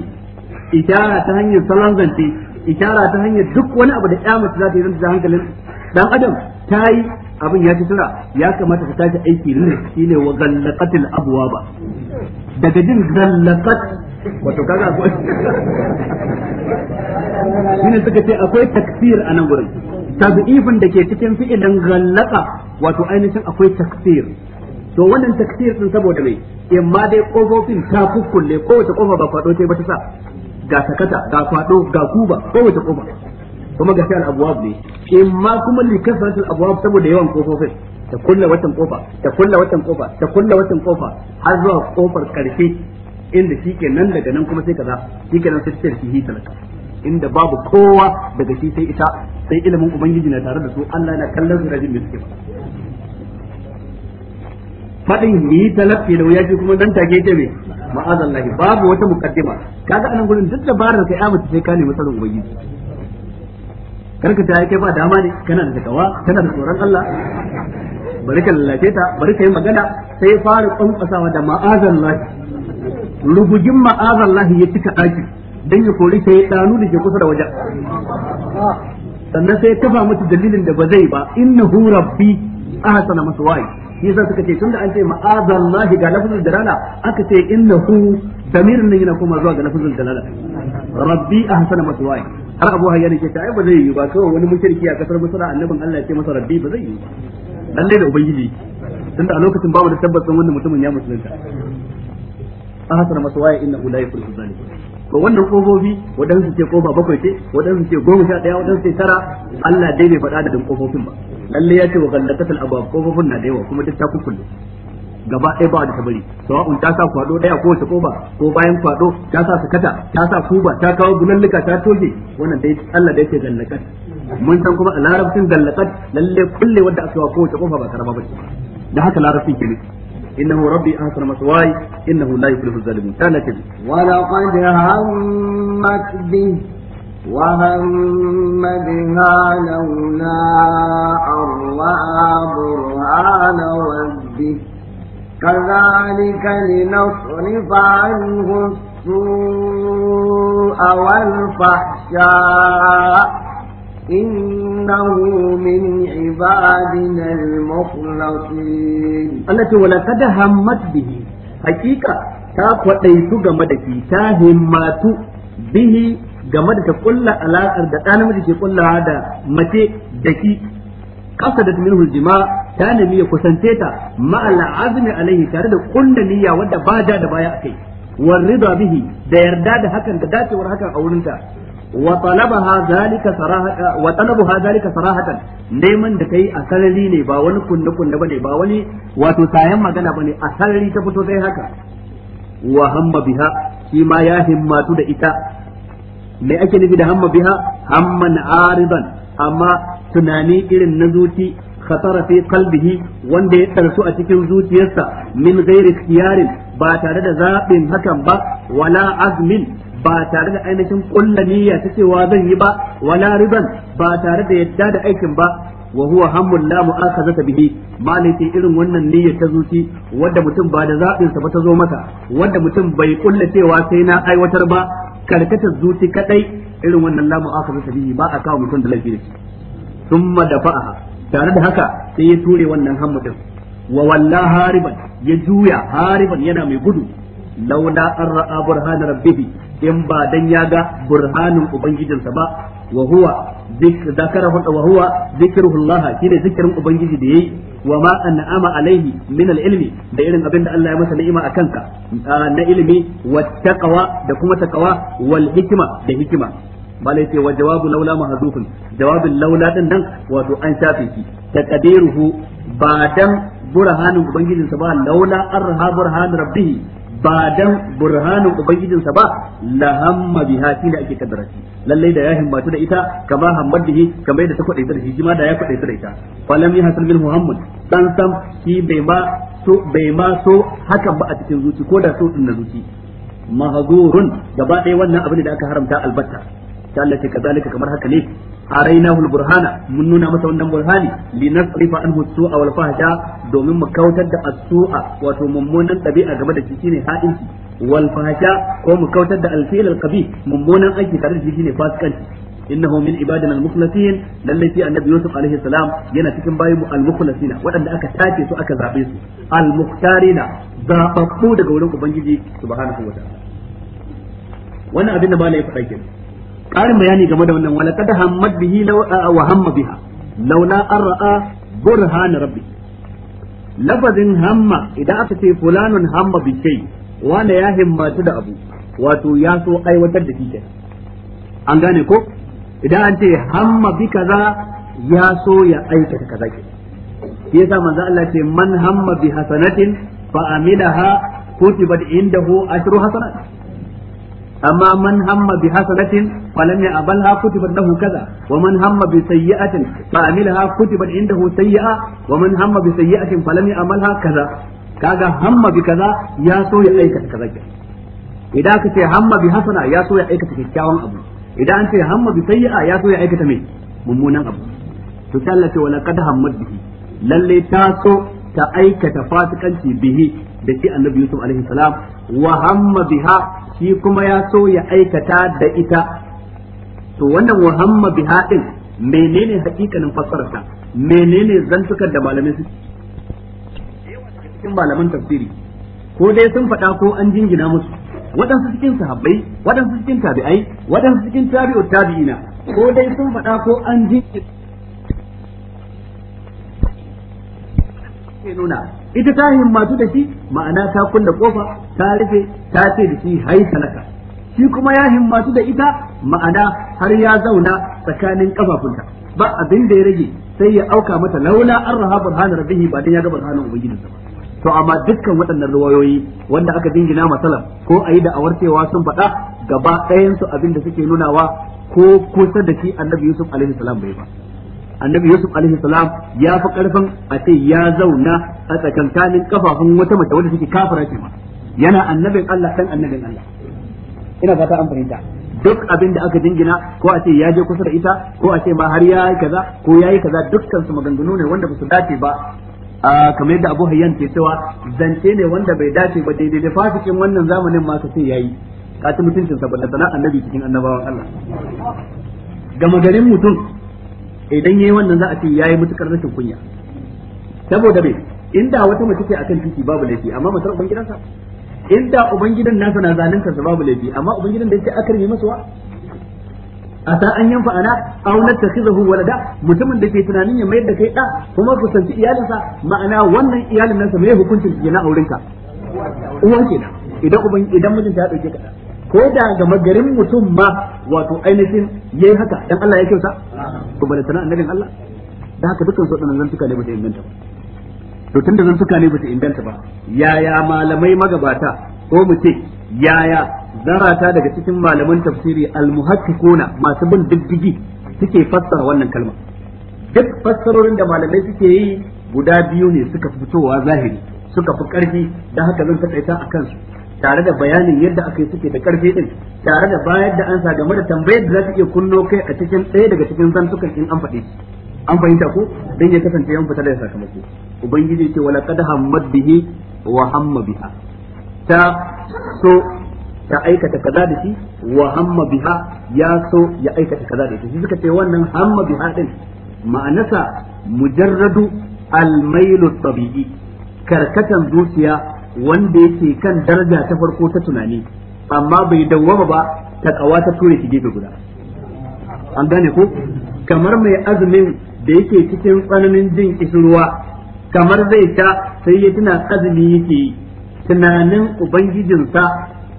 ishara ta hanyar salon zance ishara ta hanyar duk wani abu da ƙyamata za ta yi zanta hankalin dan adam ta yi abin ya ci tura ya kamata ka tashi aiki ne ne wa abuwa ba daga jin gallaqat wato kaga *laughs* shi. ne suka ce akwai takfir a nan gurin tazifin da ke cikin fi'ilin gallaqa wato ainihin akwai takfir to wannan takfir din saboda mai in ma dai kofofin ta kukkulle kowace kofa ba kwado ce ba ta sa ga sakata ga kwado ga kuba kowace kofa kuma ga sai al-abwab ne in ma kuma li kasrat al saboda yawan kofofin ta kulla watan kofa ta kulla watan kofa ta kulla watan kofa har zuwa kofar karfe inda shike nan daga nan kuma sai kaza shike nan sai ta shi talaka inda babu kowa daga shi sai ita sai ilimin ubangiji na tare da su Allah yana kallon su da jin suke ba fadin yi talaffi da wuya shi kuma dan take ta me ma'azallahi babu wata muqaddima kaga anan gurin duk dabarar kai amince sai ka nemi sanin ubangiji karka ta kai ba dama ne kana da takawa kana da tsoron Allah bari ka lalace ta bari ka yi magana sai ya fara kwankwasawa da ma'azan lahi rubugin ma'azan lahi ya cika ɗaki don ya kori sai ya ɗanu da ke kusa da wajen sannan sai ya kafa musu dalilin da ba zai ba innahu rabbi ahsana maswaya yasa suka ce tun da an ce ma'azan lahi ga lafazin dalala aka ce innahu damirin nan yana koma zuwa ga lafazin dalala rabbi ahsana maswaya har abu hayyan ke ta ba zai yi ba kawai wani mushriki a kasar musara annabin Allah ya ce masa rabbi ba zai yi ba dan dai da ubangiji tunda a lokacin ba mu da tabbacin wannan mutumin ya musulunta a hasara masa waya inna la yuflihu zalim to wannan kofofi wadansu ce kofa bakwai ce wadansu ce goma sha daya wadansu ce tara Allah dai bai faɗa da kofofin ba lalle ya ce wa gallatatul abwab kofofin na da yawa kuma duk ta kukkulle gaba ɗaya ba da ta bari sawa'un ta sa kwado ɗaya ko ta koba ko bayan kwado ta sa sakata ta sa kuba ta kawo gunallika ta toge wannan dai Allah da yake gallakat mun san kuma a larabcin gallakat lalle kulle wanda aka wa kowace kofa ba karama bace da haka larabcin ke إنه ربي أحسن مثواي إنه لا يفلح الظالمون كان كذب ولقد همت به وهم بها لولا أن رأى برهان ربه كذلك لنصرف عنه السوء والفحشاء إنه من عبادنا المخلصين التي ولقد همت به حقيقة تاكوة تيسو جمدك تاهمات به game كل ta kulla alaƙar da ɗan namiji ke kullawa qasadat minhu al-jima ta nemi ya kusance ta ma'al azmi alaihi tare da kunna niyya wadda ba da da baya akai war rida bihi da yarda da hakan da dacewar hakan a wurinta wa talabaha zalika sarahatan wa talabaha zalika sarahatan neman da kai a sarari ne ba wani kunna kunna bane ba wani wato sayan magana bane a sarari ta fito sai haka wa hamma biha shi ma ya himmatu da ita me ake nufi da hamma biha hamman aridan amma tunani irin na zuci khatara fi qalbihi wanda ya tsarsu a cikin zuciyarsa min ghairi ikhtiyarin ba tare da zaɓin hakan ba wala azmin ba tare da ainihin kulla niyya ta cewa zan yi ba wala riban ba tare da yadda da aikin ba wa huwa hammun la mu'akhazata bihi malaki irin wannan niyya ta zuci wanda mutum ba da zabin sa ba ta zo masa wanda mutum bai kulla cewa sai na aiwatar ba karkatar zuci kadai irin wannan la mu'akhazata bihi ba a kawo mutum da laifi da shi thumma dafa'aha tare da haka sai ya ture wannan hammu din wa walla hariban ya juya hariban yana mai gudu laula arra'a ra'a burhan rabbihi in ba dan ya ga burhanin ubangijinsa ba wa huwa ذكره وهو ذكره الله shine zikirin ubangiji da yayi wa ma an'ama alaihi min al da irin abin da Allah ya masa ni'ima a ka ah, na ilimi wa da kuma takawa wal hikma da hikima bala ce wa jawabu laula mahdhufun jawabin laula din nan wato an shafe shi taqdiruhu ba dan burhanin ubangijin sa ba laula arha burhan rabbih ba dan burhanin ubangijin sa ba la hamma biha shi da ake kaddara shi lalle da ya himmatu da ita kama hammad bihi kama yadda ta kwadaita da shi shi da ya kwadaita da ita falam yahsul minhu muhammad dan sam shi bai ma so bai ma so hakan ba a cikin zuci ko da so din na zuci mahzurun gaba ɗaya wannan abin da aka haramta albatta sai Allah ce kazalika kamar haka ne arainahu alburhana mun nuna masa wannan burhani linasrifa anhu su'a wal fahsha domin mu kautar da sua wato mummunan dabi'a game da shi ne ha'inci wal fahsha ko mu kautar da al-fi'l mummunan aiki tare da shi shine fasikanci innahu min ibadina al-mukhlasin lalle fi annabi yusuf alaihi salam yana cikin bayin al-mukhlasin wadanda aka tace su aka zabe su Almuktarina mukhtarina zababbu daga wurin ubangiji subhanahu wa ta'ala wannan abin da malai faɗa kenan ƙarin bayani game da wannan wala kada hammad bihi wa hamma biha laula an ra'a burhan rabbi lafazin hamma idan aka ce fulanun hamma bi shay wanda ya himmatu da abu wato ya so aiwatar da shi an gane ko idan an ce hamma bi kaza ya so ya aikata kaza ke shi yasa manzo Allah ce man hamma bi hasanatin fa amilaha kutibat indahu ashru hasanat أما من هم بحسنة فلم يقبلها كتبت له كذا ومن هم بسيئة فعملها كتبت عنده سيئة ومن هم بسيئة فلم يعملها كذا كذا هم بكذا يا سو يا أيكة كذا إذا كنت هم بحسنة يا سو يا أيكة كيكاوان أبو إذا أنت هم بسيئة يا سو يا أيكة مين ممونا أبو تسالة ولقد همت به للي تاسو ta aikata fasikanci bihi da shi annabi Yusuf alaihi salam wa hamma biha shi kuma ya so ya aikata da ita to wannan wahamma biha din menene hakikanin fassararta menene zantukar da malamai su cikin malaman tafsiri ko dai sun faɗa ko an jingina musu waɗansu cikin sahabbai waɗansu cikin tabi'ai waɗansu cikin tabi'u tabi'ina ko dai sun faɗa ko an jingina nuna ita ta himmatu da shi ma'ana ta kulle kofa ta rufe ta ce da shi hai salaka shi kuma ya himmatu da ita ma'ana har ya zauna tsakanin kafafunta ba abin da ya rage sai ya auka mata laula an raha burhan rabbihi ba dan ya ga burhanin ubangijinsa ba to amma dukkan waɗannan ruwayoyi wanda aka dingina masalam ko ayi da a sun faɗa gaba ɗayan su abin da suke nunawa ko kusa da shi annabi yusuf alaihi salam bai ba annabi yusuf alaihi salam ya fi karfin a ce ya zauna a tsakankanin kafafun wata mace wadda take kafara ce ma yana annabin Allah kan annabin Allah ina fata an fahimta duk abin da aka jingina ko a ce ya je kusa da ita ko a ce ma har ya yi kaza ko ya yi kaza dukkan su maganganu ne wanda ba su dace ba kamar yadda Abu Hayyan ke cewa zance ne wanda bai dace ba daidai da fasikin wannan zamanin ma ka ya yayi ka ci mutuncin saboda ballan annabi cikin annabawan Allah gama garin mutum idan yayi wannan za a ce yayi mutukar rashin kunya saboda me inda wata mace ce akan titi babu laifi amma matar ubangidan sa inda ubangidan gidan nasa na zalunta sa babu laifi amma ubangidan gidan da yake akarmi masa wa ta an yanfa ana aw natakhizahu walada mutumin da ke tunanin ya mayar da kai da kuma kusanci iyalinsa ma'ana wannan iyalin nasa mai hukuncin ya na aurenka uwan kenan idan ubangidan mijinta ya dauke ka ko da ga magarin mutum ma wato ainihin yayi haka dan Allah ya kyauta to bane sanan annabin Allah da haka dukkan su dan zantuka ne bata inganta ba to tunda zantuka ne ta inganta ba yaya malamai magabata ko mu ce yaya zarata daga cikin malaman tafsiri kona masu bin diddigi suke fassara wannan kalma duk fassarorin da malamai suke yi guda biyu ne suka fitowa zahiri suka fi karfi da haka zan taƙaita a kansu tare da bayanin yadda aka yi suke da karfi din tare da bayar da ansa game da tambayar da za ta iya kunno kai a cikin ɗaya daga cikin zantukan in an faɗi an fahimta ko dan ya kasance yan fita da sakamako ubangiji ce wala qad hammat bihi wa hamma biha ta so ta aikata kaza da shi wa hamma biha ya so ya aikata kaza da shi suka ce wannan hamma biha din ma'anasa mujarradu al-mailu tabi'i karkatan zuciya wanda yake kan daraja ta farko ta tunani amma bai dawwama ba ta kawa ta ture shi gefe guda an gane ko kamar mai azumin da yake cikin tsananin jin kishirwa kamar zai ta sai ya tuna azumi yake yi tunanin ubangijinsa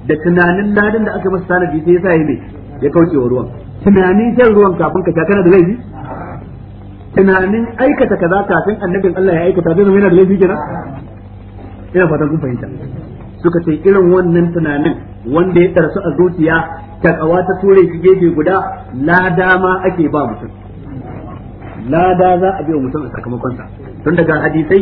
da tunanin ladin da aka masa sanadi sai ya sa ne ya kauce wa ruwan tunanin shan ruwan kafin ka kana da laifi tunanin aikata kaza kafin annabin Allah ya aikata zai zama yana da laifi kenan ina fatan kun fahimta suka ce irin wannan tunanin wanda ya tarsu a zuciya kawa ta ture shi gefe guda lada ma ake ba mutum lada za a biya mutum a sakamakon sa. tun daga hadisai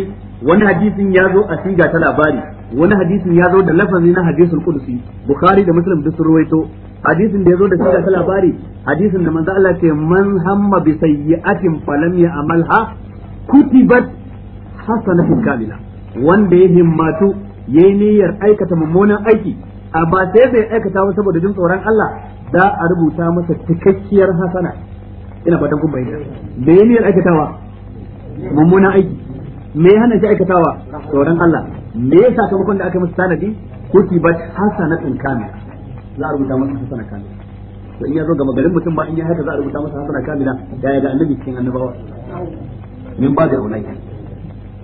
wani hadisin ya zo a siga ta labari wani hadisin ya zo da lafazi na hadisul qudsi bukhari da muslim duk sun ruwaito hadisin da ya zo da siga ta labari hadisin da manzo Allah ce man hamma bi sayyi'atin falam amalha kutibat hasanatun kamila wanda ya himmatu yi niyyar aikata mummunan aiki amma sai bai aikata ba saboda jin tsoron Allah da a rubuta masa cikakkiyar hasana ina fatan kun bayyana da ya niyyar aikatawa mummunan aiki me ya hana shi aikatawa tsoron Allah me ya sakamakon da aka masa tanadi hasana tsin kamila za a rubuta masa hasana kamila to in ya zo ga magarin mutum ba in ya haka za a rubuta masa hasana kamila da ya ga annabi cikin annabawa min ba da ulai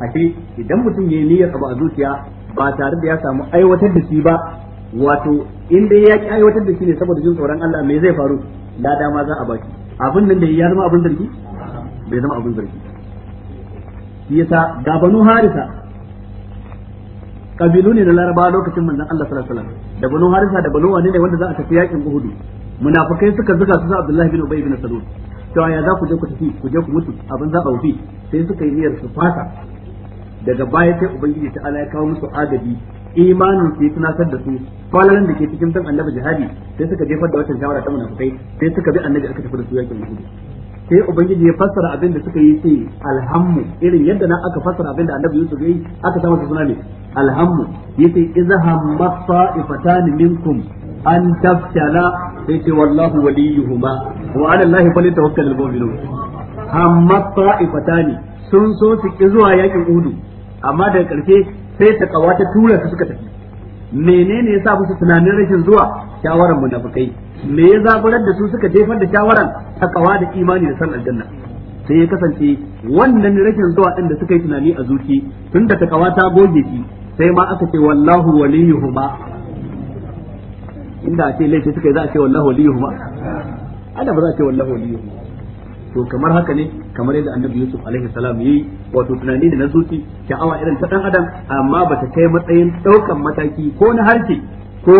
ashe idan mutum ya yi niyyar abu a zuciya ba tare da ya samu aiwatar da shi ba wato in dai ya ki aiwatar da shi ne saboda jin tsoron Allah me zai faru da dama za a baki abin nan da ya zama abin zargi bai zama abin zargi shi yasa ga banu harisa kabilu ne da laraba lokacin manzon Allah sallallahu alaihi wasallam da banu harisa da banu wani ne wanda za a tafi yakin uhudu munafikai suka zuga su Abdullahi bin Ubay bin Salul to ya za ku je ku tafi ku je ku mutu abin za a wufi sai suka yi niyyar su fasa daga baya sai ubangiji ta ala ya kawo musu adadi. imanin su tunatar da su kwalaran da ke cikin san annabi jihadi sai suka jefar da watan shawara ta munafikai sai suka bi annabi aka tafi da su yakin uhud sai ubangiji ya fassara abin da suka yi sai alhammu irin yadda na aka fassara abin da annabi yusuf yayi aka samu su suna ne alhammu yace izhamma sa'ifatan minkum an tafshala sai ce wallahu waliyuhuma wa ala allahi falyatawakkalul mu'minun hamma sa'ifatan sun so su ki zuwa yakin uhudu amma daga karshe sai ta ta tura su suka tafi menene yasa musu tunanin rashin zuwa shawaran munafikai me ya zaburar da su suka jefar da shawaran ta kawa da imani da san aljanna sai ya kasance wannan rashin zuwa din da suka yi tunani a zuci tun da ta kawa ta goge shi sai ma aka ce wallahu waliyuhuma inda a ce laifi suka yi za a ce wallahu waliyuhuma ana ba za a ce wallahu waliyuhuma to kamar haka ne kamar yadda annabi yusuf alaihi salam yi wato tunani da na zuci sha'awa irin ta dan adam amma bata kai matsayin daukan mataki ko na harshe ko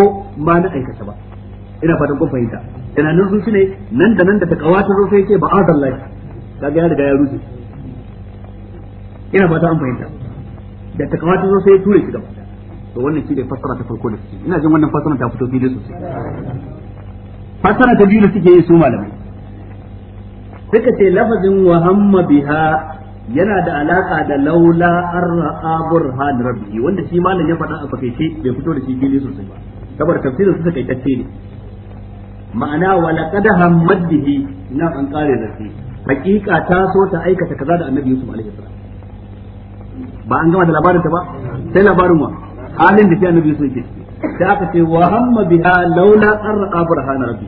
ma na aikata ba ina fatan kun fahimta tunanin zuci ne nan da nan da ta kawata zo sai ce ba azallahi kaga ya riga ya rushe ina fata an fahimta da ta kawata zo sai ture shi da to wannan shi ne fassara ta farko da suke ina jin wannan fassara ta fito fili sosai fassara ta biyu da suke yi su malamai suka ce lafazin wa hamma biha yana da alaka da laula arra'a burhan rabbi wanda shi malam ya faɗa a fakaice bai fito da shi fili sosai ba saboda tafsirin su kai tacce ne ma'ana wa laqad hammat bihi na an kare da shi hakika ta so ta aikata kaza da annabi Yusuf alaihi salam ba an gama da labarin ta ba sai labarin wa halin da shi annabi Yusuf yake sai aka ce wa hamma biha laula arra'a burhan rabbi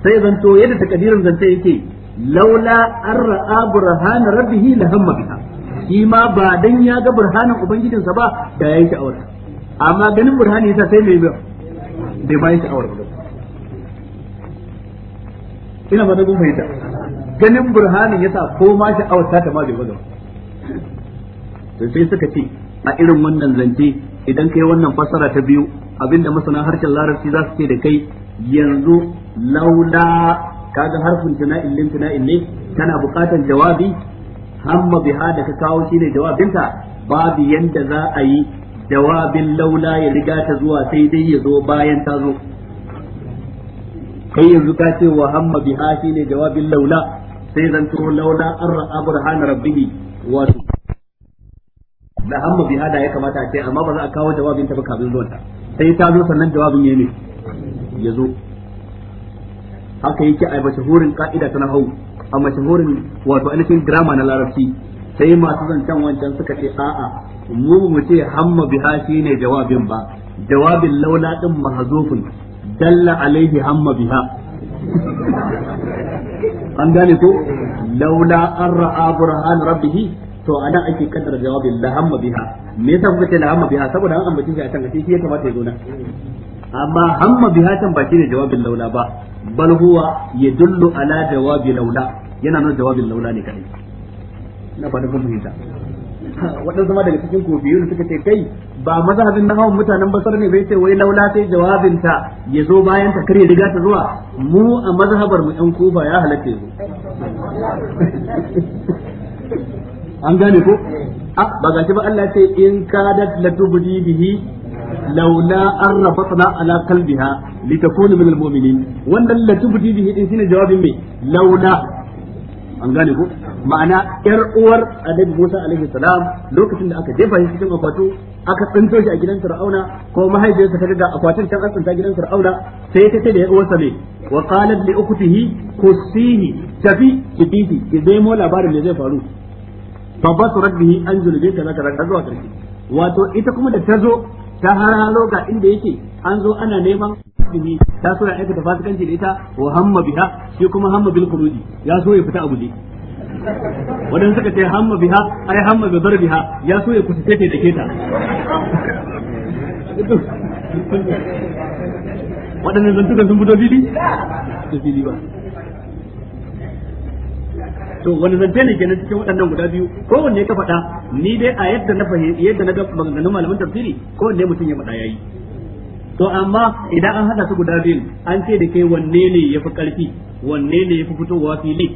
sai zanto yadda takadirin zance yake laula an ra'a burhana rabbihi la hamma biha shi ma ba dan ya ga burhanin ubangijinsa ba da yayi sha'awar amma ganin burhani yasa sai mai bai bayan sha'awar ba ina fata kun fahimta ganin burhanin yasa ko ma sha'awar ta ma bai ba to sai suka ce a irin wannan zance idan kai wannan fassara ta biyu abinda masana harshen larabci za su ce da kai yanzu laula kaga harfin tana'in lin tana'in ne tana buƙatar jawabi hamma biha da ka kawo shine jawabinta babu yanda za a yi jawabin laula ya riga ta zuwa sai dai ya zo bayan ta zo kai yanzu ka ce wa hamma biha shine jawabin laula sai zan turo laula an ra'a burhan rabbihi wato da hamma biha da ya kamata a ce amma ba za a kawo jawabin ta ba kafin ta sai ta zo sannan jawabin ya ne ya zo haka ki a mashahurin ka'ida ta nahawu a mashahurin wato ainihin drama na larabci sai masu zancen wancan suka ce a'a mu mu ce hamma biha shine jawabin ba jawabin laula din mahzufun dalla alaihi hamma biha *laughs* an gane ko laula an ra'a burhan rabbihi to ana ake kaddara jawabin la hamma biha me yasa kuka ce la hamma biha saboda an ambace shi a can shi ya kamata ya zo amma hamma bi hatan ba shine jawabin laula ba bal huwa yadullu ala jawabi laula yana nuna jawabin laula ne kadai na fada kun fahimta waɗansu ma daga cikin kofiyu suka ce kai ba mazhabin nan hawan mutanen basar ne bai ce wai laula sai jawabin ta ya zo bayan ta kare riga ta zuwa mu a mazhabar mu ɗan kufa ya halatta yanzu an gane ko a ah, ba ce ba Allah ce in kadat latubdi bihi laula arrafatna ala qalbiha litakuna min almu'minin wannan la tubdi bihi din shine jawabin me laula an gane ko ma'ana yar uwar annabi Musa alaihi salam lokacin da aka jefa shi cikin akwato aka tsinto shi a gidan Fir'auna ko mahaifiyarsa ta ga akwatin can tsinta gidan Fir'auna sai ta ce da yar uwarsa ne wa qalat li ukhtihi kusihi tafi kibiti ki dai mu labarin zai faru bihi wato ita kuma da ta zo ta haralo ga inda yake an zo ana neman ilimi ta so ya aikata fasikanci da ita wa hamma biha shi kuma hamma bil khuruji ya so ya fita a guje wadan suka ce hamma biha ai hamma bi darbiha ya so ya kusace ta dake wadannan zantukan sun fito fili da fili ba to wani zance ne kenan cikin waɗannan guda biyu ko wanne ka faɗa ni dai a yadda na fahimci yadda na ga maganganun malaman tafsiri ko wanne mutum ya faɗa yayi to amma idan an hada su guda biyun an ce da kai wanne ne ya fi ƙarfi wanne ne fi fitowa fili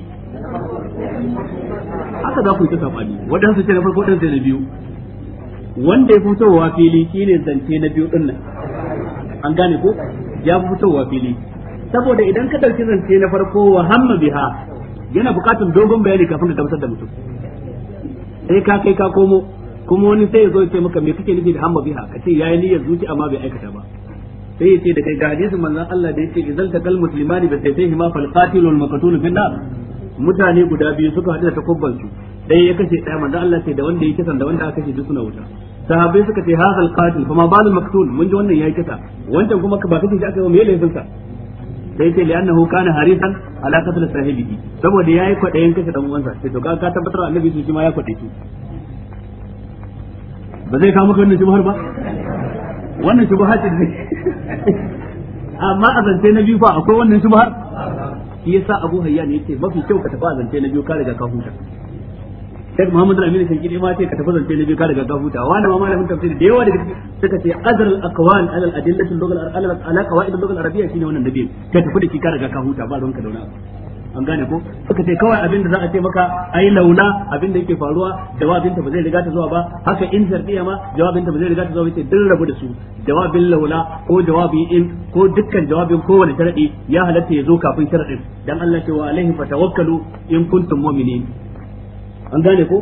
haka za ku yi ta sabani waɗansu ce na farko ɗan sai na biyu wanda ya fitowa fili shine zance na biyu ɗin nan an gane ko ya fitowa fili saboda idan ka ɗauki zance na farko wa hamma biha yana bukatun dogon bayani kafin ka gamsar da mutum sai ka kai ka komo kuma wani sai ya zo ya ce maka me kake nufi da hamma biha ce yayi niyyar zuci amma bai aikata ba sai ya ce da kai ga hadisin manzon Allah da idan ta takal muslimani bai sayfihi ma fal qatil wal maqtul fi nar mutane guda biyu suka hadu da takubban su dai ya kashe daya manzon Allah sai da wanda yake san da wanda aka kace duk suna wuta sahabbai suka ce hazal qatil fa ma balul maqtul mun ji wannan yayi kisa wancan kuma ba kace shi aka yi me laifin sa sai ce li'annahu kana harisan ala qatl sahibihi saboda yayi kwadayin kashe dan uwansa sai to ka tabbatar annabi shi ma ya kwade shi ba zai kawo maka wannan har ba wannan shi ce ne *laughs* amma a zance na biyu fa akwai wannan shubhar shi yasa Abu ne yace mafi kyau ka tafi a zance na biyu ka riga ka huta Sheikh Muhammad Al-Amin Shankiri ma ce ka tafi zance na biyu ka daga gafuta wani ma malamin tafsiri da yawa daga suka ce azal aqwan ala al-adillati al-lughah ala qawaid al-lughah al-arabiyya shine wannan da biyu ka tafi da shi ka daga gafuta ba ruwanka da wani an gane ko suka ce kawai abin da za a ce maka ai launa abin da yake faruwa jawabin ta ba zai riga ta zuwa ba haka in zardiya ma jawabin ta ba zai riga ta zuwa ba sai duk rabu da su jawabin launa ko jawabin in ko dukkan jawabin kowane sharadi ya halatta ya zo kafin sharadin dan Allah ce wa alaihi fatawakkalu in kuntum mu'minin an gane ko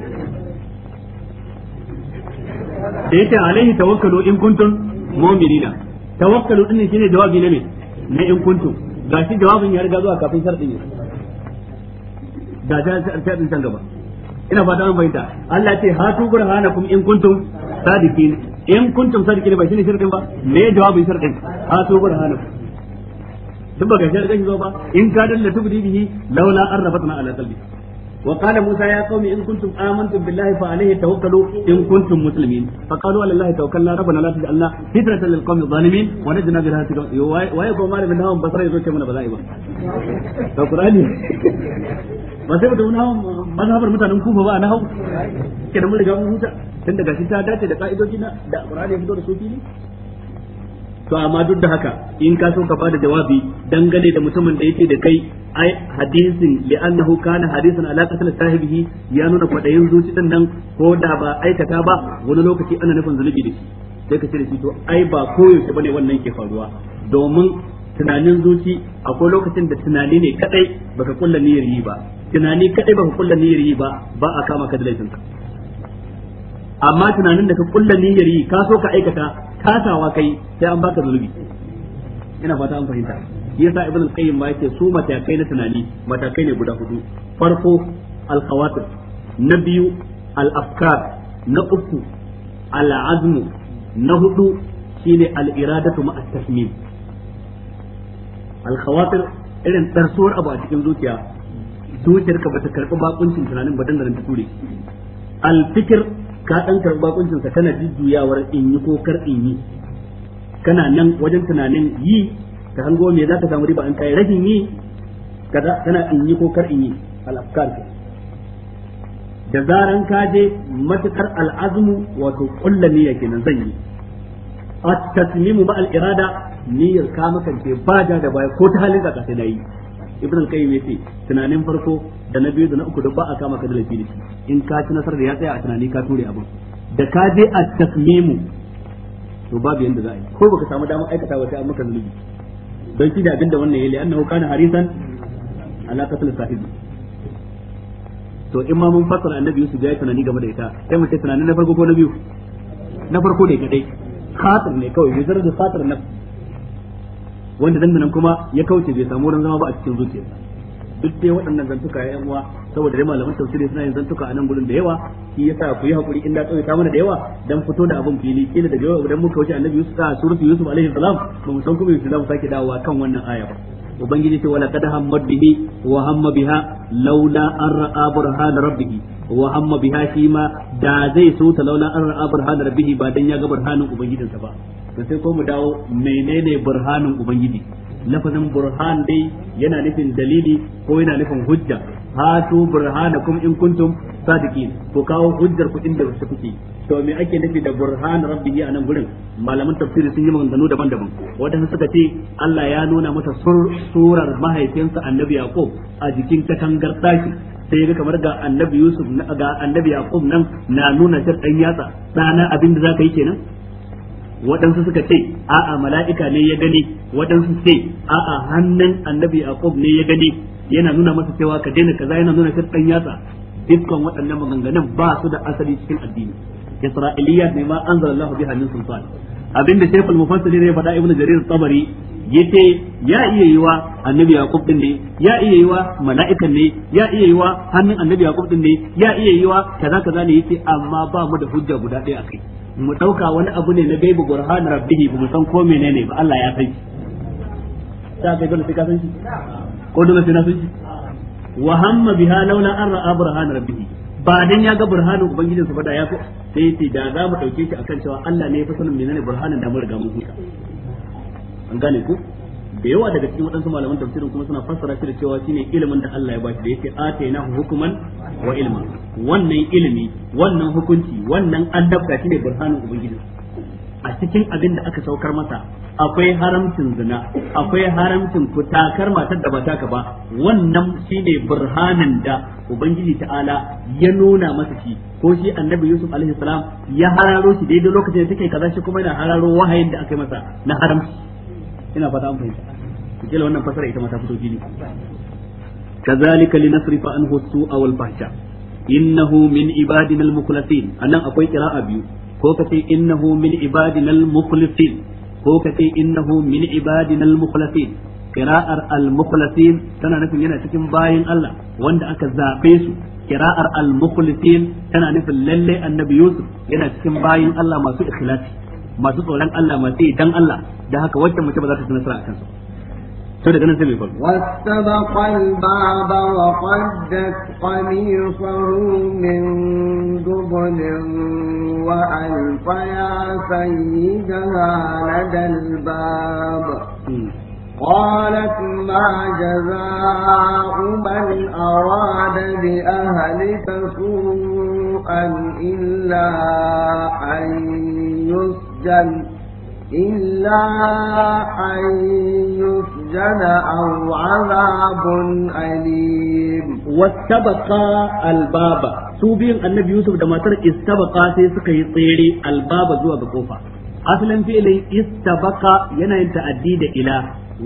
da yake alaihi tawakkalu in kuntum mu'minina tawakkalu din shine jawabi ne me na in kuntum gashi jawabin ya riga zuwa kafin sharadin ne da ta sharadin can gaba ina fata an bayyana Allah ya ce hatu burhanakum in kuntum sadiqin in kuntum sadiqin ba shine sharadin ba me jawabin ha tu burhanakum duk ba ga rigan zo ba in ka dalla tubdi bihi laula arrafatna ala qalbi وقال موسى يا قوم إن كنتم آمنتم بالله فعليه توكلوا إن كنتم مسلمين فقالوا على الله توكلنا ربنا لا تجعلنا فتنة للقوم الظالمين ونجنا بها ويقوم مال من هون بصر يزوج من بلائبا فقرآني ba sai mutum na mazhabar mutanen kufa ba na hau kenan mun riga mun huta tun daga shi ta dace da ka'idoji na da Qur'ani ya fito da su fili to amma duk da haka in ka so ka bada jawabi dangane da mutumin da yake da kai ai hadisin annahu kana hadisan ala qatl sahibihi ya nuna kwadayin zuci din nan ko da ba aikata ba wani lokaci ana nufin zulubi da shi sai ka ce da shi to ai ba koyaushe bane wannan ke faruwa domin tunanin zuci akwai lokacin da tunani ne kadai baka kulla niyyar yi ba tunani kadai baka kulla niyar yi ba ba a kama ka da laifinka amma tunanin da ka kulla niyyar yi ka so ka aikata kasawa kai sai an baka zulubi ina fata an fahimta yasa ibn al-qayyim ba yake su matakai na tunani matakai ne guda hudu farko al-khawatir na biyu al-afkar na uku al-azm na hudu shine al-iradatu ma at al-khawatir irin tsarsuwar abu a cikin zuciya zuciyarka bata karbi bakuncin tunanin ba dandanan ta ture al-fikr ka dan karbi bakuncin sa kana jujjuyawar in yi ko kar in yi kana nan wajen tunanin yi ka hango me zaka samu riba an kai rashin yi kaza kana in yi ko kar in yi al-afkar da zaran ka je matukar al-azmu wato kullu niyya kenan zan yi at-taslimu ma al-irada niyyar ka makance ba da baya ko ta halin ka sai yi. ibn al-qayyim yace tunanin farko da na biyu da na uku da ba a kama ka da lafiya in ka ci nasarar ya tsaya a tunani ka ture abin da ka je a tasmimu to babu yanda za a yi ko baka samu damar aikata wata amma ka zulubi don shi da abin da wannan yayi annahu kana harisan ala qatl sahib to in ma mun fassara annabi Yusuf ya yi tunani game da ita sai mu ce na farko ko na biyu na farko dai kadai khatir ne kawai yuzar da khatir na. wanda nan kuma ya kauce bai samu ran zama ba a cikin zuciyarsa duk dai waɗannan zantuka ya uwa saboda dai malaman tafsiri suna yin zantuka a nan gurin da yawa shi yasa ku yi hakuri in da tsoye ta mana da yawa dan fito da abin fili kila da yawa idan muka wuce annabi Yusuf a suratu Yusuf alaihi salam ba mu san kuma Yusuf za mu sake dawowa kan wannan aya ba ubangiji ce wala kada hammad bihi wa hamma biha laula an ra'a burhana rabbih wa hamma biha shi ma da zai so ta laula an ra'a burhana rabbih ba dan ya ga burhanin ubangijinsa ba to sai ko mu dawo menene burhanin ubangiji lafazin burhan dai yana nufin dalili ko yana nufin hujja hatu burhanakum in kuntum sadiqin ko kawo hujjar ku inda su kuke to me ake nufi da burhan rabbihi a nan gurin malaman tafsiri sun yi maganganu daban-daban wadanda suka ce Allah ya nuna masa surar mahaifinsa annabi yaqub a jikin katangar saki sai ga kamar ga annabi yusuf ga annabi yaqub nan na nuna shi dan yatsa dana abin da zaka yi kenan waɗansu suka ce a'a mala'ika ne ya gani waɗansu ce a'a hannun annabi yaqub ne ya gani yana nuna masa cewa ka daina kaza yana nuna shirkan yatsa dukkan waɗannan maganganun ba su da asali cikin addini isra'iliyat ne ma anzalallahu biha min sultan abinda da al-mufassir ne faɗa ibnu jarir tabari yace ya iya yiwa annabi yaqub din ne ya iya yiwa mala'ikan ne ya iya yiwa hannun annabi yaqub din ne ya iya yiwa kaza kaza ne yace amma ba mu da hujja guda ɗaya a kai. mu dauka wani abu ne na baibu burhan rabbih ba mu san ko menene ba Allah ya san shi ta kai dole sai ka san shi ko dole sai na san shi wa hamma biha laula an ra'a burhan rabbih ba dan ya ga burhanin ubangijinsa ba da ya ko sai yace da za mu dauke shi akan cewa Allah ne ya fi sanin menene burhanin da mu riga mun huta an gane ku da yawa daga cikin waɗansu malaman tafsirin kuma suna fassara shi da cewa shine ilimin da Allah ya bashi da yake atayna hukuman wa ilma wannan ilimi wannan hukunci wannan addabta shine burhanin ubangiji a cikin abin da aka saukar masa akwai haramcin zina akwai haramcin kutakar matar da ba taka ba wannan shine burhanin da ubangiji ta'ala ya nuna masa shi ko shi annabi yusuf alaihi salam ya hararo shi daidai lokacin da take kaza shi kuma yana hararo wahayin da aka yi masa na haramci ina fata an fahimta kila wannan fasara ita ma ta fito fili kazalika linasrifa anhu su'a wal fahsha innahu min ibadina al mukhlasin anan akwai qira'a biyu ko kace innahu min ibadina al mukhlasin ko kace innahu min ibadina al mukhlasin qira'ar al mukhlasin tana nufin yana cikin bayin Allah wanda aka zabe su qira'ar al mukhlasin tana nufin lalle annabi Yusuf yana cikin bayin Allah masu ikhlasi masu tsoron Allah masu dan Allah da haka wacce mace ba za ta ci nasara a kansu to daga nan sai mai farko wastabaqa al-baba wa qaddat qamisuhu min dublin wa alfa ya sayyidaha ladal bab قالت ما جزاء من أراد بأهلك سوءا إلا أن حجا إلا أن يسجن أو عذاب أليم واستبقى الباب su biyun annabi Yusuf da matar istabaka sai suka yi tsere albaba zuwa ga ƙofa. asalin fi'ilin istabaka yana yin ta'addi da ila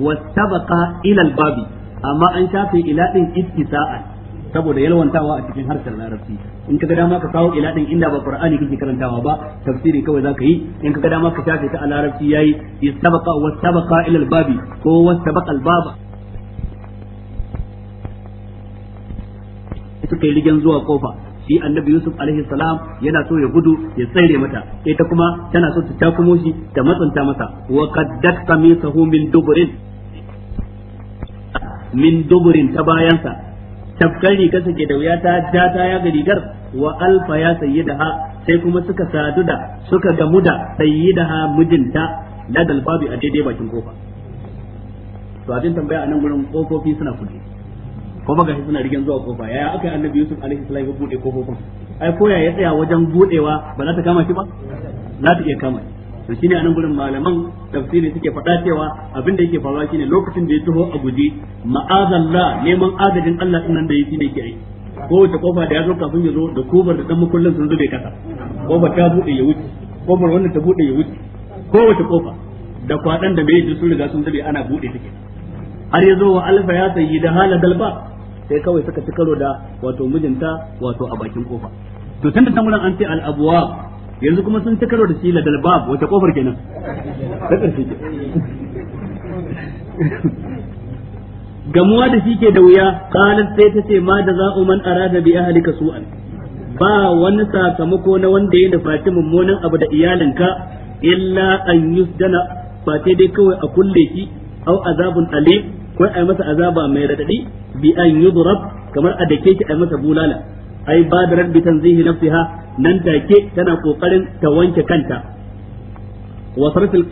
wastabaka ila albabi amma an shafe ila din istisa'an saboda yalwantawa a cikin harshen larabci in ka ga dama ka kawo ila din inda ba qur'ani kake karantawa ba tafsiri kawai zaka yi in ka ga dama ka shafe ta a larabci yayi istabaqa wa sabaqa ila babi ko wa sabaqa al-baba rigen zuwa kofa shi annabi yusuf alaihi salam yana so ya gudu ya tsere mata ita kuma tana so ta takumo shi ta matsanta masa wa qaddat qamisahu min dubrin min dubrin ta bayansa tafkar rigarsa ke da wuya ta ja ta ya ga rigar wa alfa ya sayi da ha sai kuma suka sadu da suka gamu da sayi da ha mijinta na dalbabi a daidai bakin kofa to abin tambaya a nan gurin kofofi suna kulle ga gashi suna rigen zuwa kofa yaya aka yi annabi yusuf alaihi salam ya bude kofofin ai ko ya tsaya wajen budewa ba za ta kama shi ba za ta iya kama shi to shine anan gurin malaman tafsiri suke faɗa cewa abin da yake faruwa shine lokacin da ya taho a guje ma'azallah neman adadin Allah din nan da yake yake ko kowace kofa da ya zo kafin ya zo da kobar da dan makullin sun zube kasa ba ta bude ya wuce kofar wannan ta bude ya wuce kowace kofa da kwadan da bai ji sun riga sun zube ana bude take har ya zo wa alfa ya sayi da hala dalba sai kawai suka ci karo da wato mijinta wato a bakin kofa to tun da an ce al abwab yanzu kuma sun takarwa da shi da bab wata kofar kenan ta ke gamuwa da shi ke da wuya qalat sai ta ce ma da za'u man arada bi ahlika su'an ba wani sakamako na wanda ya nufaci mummunan abu da iyalinka illa an yusdana ba sai dai kawai a kulle shi au azabun alim ko ai masa azaba mai radadi bi an yudrab kamar a dake ki ai masa bulala ai da zai tanzihi nafsiha nan take tana kokarin ta wanke kanta wa sarfil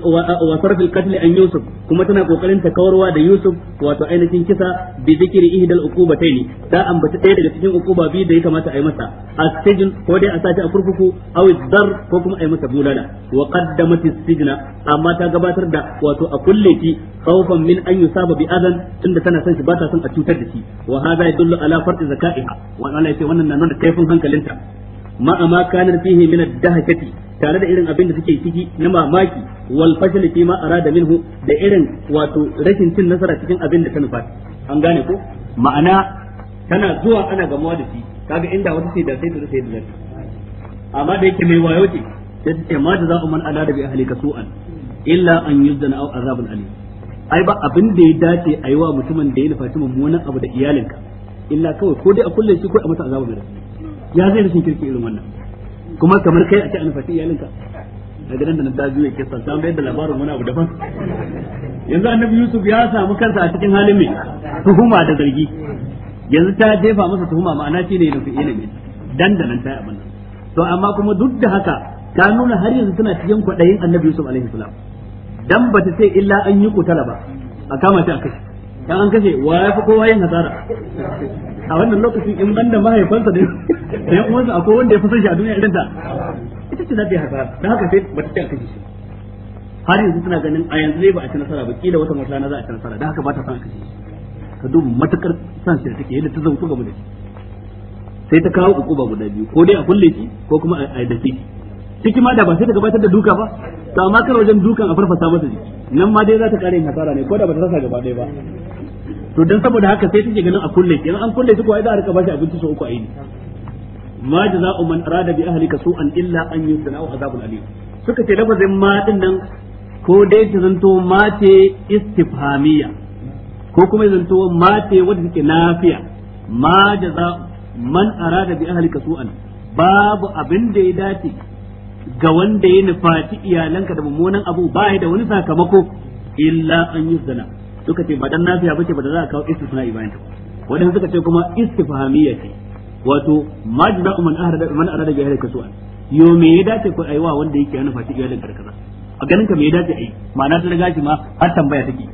qatl an yusuf kuma tana kokarin ta kawarwa da yusuf wato ainihin kisa bi zikri ihdal uqubatayn da ambata ɗaya daga cikin uquba biyu da ya kamata a masa as-sijn ko dai a sace a kurkuku aw dar ko kuma a yi masa bulala wa qaddamat as-sijna amma ta gabatar da wato a kulle ki khawfan min an yusaba bi adan tunda tana son shi ba ta son a cutar da shi wa hada yadullu ala farti zakaiha wannan yace wannan na nuna kaifin hankalinta ma amma kanar fihi min ad-dahkati tare da irin abin da suke ciki na mamaki wal fashil fi ma arada minhu da irin wato rashin cin nasara cikin abin da ta nufa an gane ko ma'ana tana zuwa ana gamuwa da shi kaga inda wata ce da sai ta sai da amma da yake mai wayo ce sai ta ce ma da za'u man alada bi ahlika su'an illa an yuzdana aw azabun alim ai ba abin da ya dace a yi wa mutumin da ya nufaci mummunan abu da iyalinka illa kawai ko dai a kulle shi ko a masa azaba mai rasu ya zai rashin kirki irin wannan kuma kamar kai a ce an fati iyalinka a gidan da na dazu ya kisa samu yadda labarin wani abu daban yanzu annabi yusuf ya samu kansa a cikin halin mai tuhuma da zargi yanzu ta jefa masa tuhuma ma'ana shi ne ya nufi ilimi dandanan ta yi abin to amma kuma duk da haka ta nuna har yanzu tana cikin kwaɗayin annabi yusuf alaihi salam dan ta ce illa an yi kutala ba a kama shi a kashi dan an kashe wa ya fi kowa yin hasara a wannan lokacin in da mahaifansa da ya uwansa akwai wanda ya fi son shi a duniya idan ta ita ce za hasara don haka sai ba ta ce a kashe shi har yanzu suna ganin a yanzu ne ba a ci nasara ba kila wata wata na za a ci nasara don haka ba ta son a kashe shi ka duba matukar san shi da take yadda ta zautu gaba da shi sai ta kawo uku ba guda biyu ko dai a kulle shi ko kuma a da shi ciki ma da ba sai ta gabatar da duka ba to amma kar wajen dukan a farfasa masa jiki nan ma dai za ta kare hasara ne ko da ba ta rasa gaba ɗaya ba to dan saboda haka sai take ganin a kulle ki an kulle su ko ai za a rika bashi abinci sau uku a yi ma jaza'u man arada bi ahlika su'an illa an yusna'u azabul alim suka ce lafazin ma din nan ko dai ta zanto mace istifhamiya ko kuma ya zanto mate wadda take nafiya ma jaza man arada bi ahlika su'an babu abin da ya dace ga wanda ya nufati iyalanka da mummunan abu ba ya da wani sakamako illa an yi zana suka ce ba dan nafiya bace ba da za a kawo istisna'i bayan ta wadanda suka ce kuma istifhamiyya ce wato majma'u man arada man arada ga halika su'an yo me ya dace ku aiwa wanda yake ya nufaci iyalanka da kaza a ganin ka me ya dace ai ma'ana ta riga shi ma har tambaya take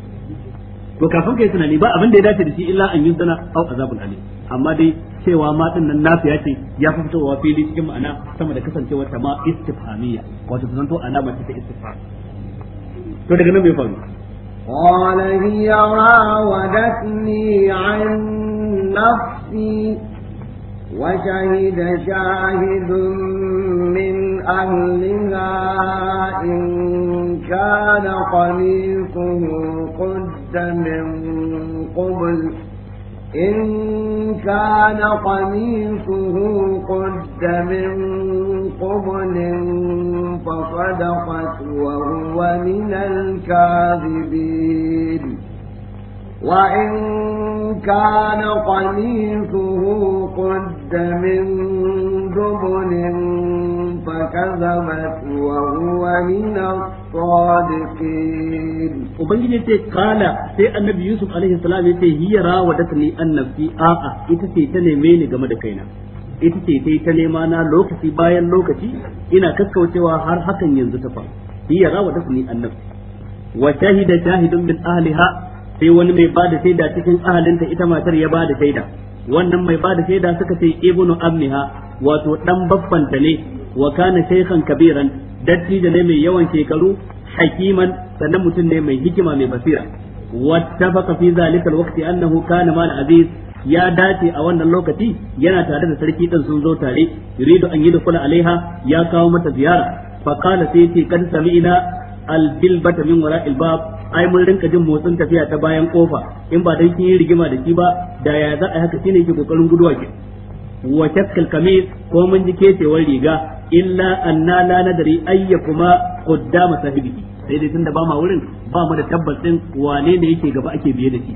to kafin kai tunani ba abin da ya dace da shi illa an yin sana au azabul alim amma dai cewa ma din nan nafiya ce ya fi fitowa fili cikin ma'ana sama da kasancewar ta ma istifhamiyya wato ta zanto alama ta istifham to daga nan me faru قال هي راودتني an nafsi وشهد شاهد من أهلها إن كان قميصه قد كنت من قبل إن كان قميصه قد من قبل فصدقت وهو من الكاذبين وإن كان قميصه قد من دبل فكذبت وهو من الصادقين الصادقين وبنجي يتي قال سي النبي يوسف عليه السلام يتي هي راودتني عن نفسي آآ إتتي تنميني game da kaina ita ce ta yi ta na lokaci bayan lokaci ina kaskaucewa har hakan yanzu ta faru hiya rawadatni an nafsi wa shahida shahidun min ahliha sai wani mai bada shaida cikin ahalinta ita matar ya bada shaida wannan mai bada shaida suka ce ibnu ammiha wato ɗan baffanta ne wa kana shaykhan kabiran dattijo ne mai yawan shekaru hakiman sannan mutum ne mai hikima mai basira wattafaqa fi zalika alwaqti annahu kana mal ya dace a wannan lokaci yana tare da sarki din sun zo tare yuridu an kula alaiha ya kawo mata ziyara fa qala sai yace kad sami'na albilbata min wara albab ai mun rinka jin motsin tafiya ta bayan ƙofa in ba dan kin yi rigima da shi ba da ya za a haka shine yake kokarin guduwa ke wa shakkal kamis ko mun ji kecewar riga illa anna la nadri kuma qaddama sahibi sai dai tunda ba ma wurin ba mu da tabbas din wane ne yake gaba ake biye da shi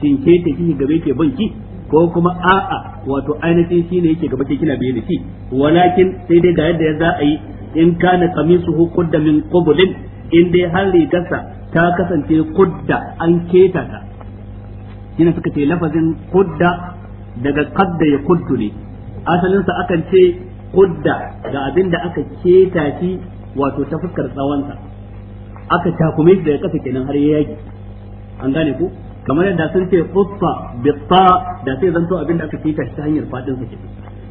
shin ke ta shi gaba yake banki ko kuma a'a wato ainihin shi ne yake gaba ke kina biye da shi walakin sai dai ga yadda ya za a yi in kana kamisuhu qudda min in dai har rigarsa ta kasance qudda an keta ta kina suka ce lafazin qudda daga qadda ya quddu ne asalin sa akan ce hudda ga abin da aka keta shi wato ta fuskar tsawonsa aka takume shi daga kafa kenan har ya yi. an gane ku kamar yadda sun ce qutta bi ta da sai zanto abin da aka keta shi ta hanyar fadin sa kenan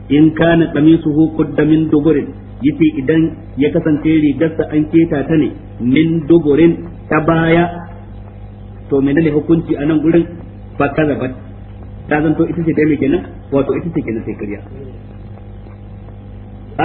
in kana qamisuhu qudda min duburin yace idan ya kasance rigar rigarsa an keta ta ne min duburin ta baya to menene hukunci anan nan gurin fa kazabat ta zanto ita ce dai kenan wato ita ce kenan sai kariya